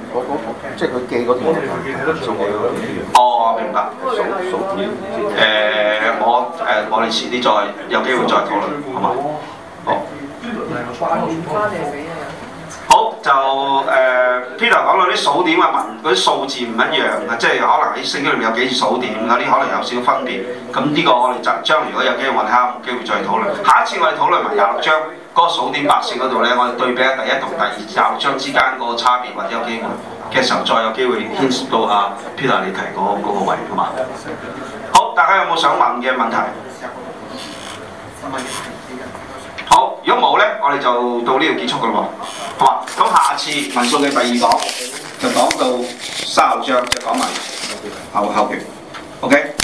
嗰嗰個即係佢記嗰啲，數點哦，明白。數數點誒，我誒，我哋遲啲再有機會再討論，好嘛？好。好就誒，Peter 講到啲數點啊，文嗰啲數字唔一樣啊，即係可能喺聖經裏面有幾數點啦，啲可能有少少分別。咁呢個我哋將將如果有機會問下，有機會再討論。下一次我哋討論埋廿六章。嗰數點百線嗰度咧，我哋對比下第一同第二沙漏章之間個差別，或者有機會嘅時候，再有機會 h 涉到阿、啊、Peter 你提嗰、那個位，好嘛？好，大家有冇想問嘅問題？好，如果冇咧，我哋就到呢度結束噶咯好嘛？咁下次文數嘅第二講就講到沙漏章，就講埋後後期。OK。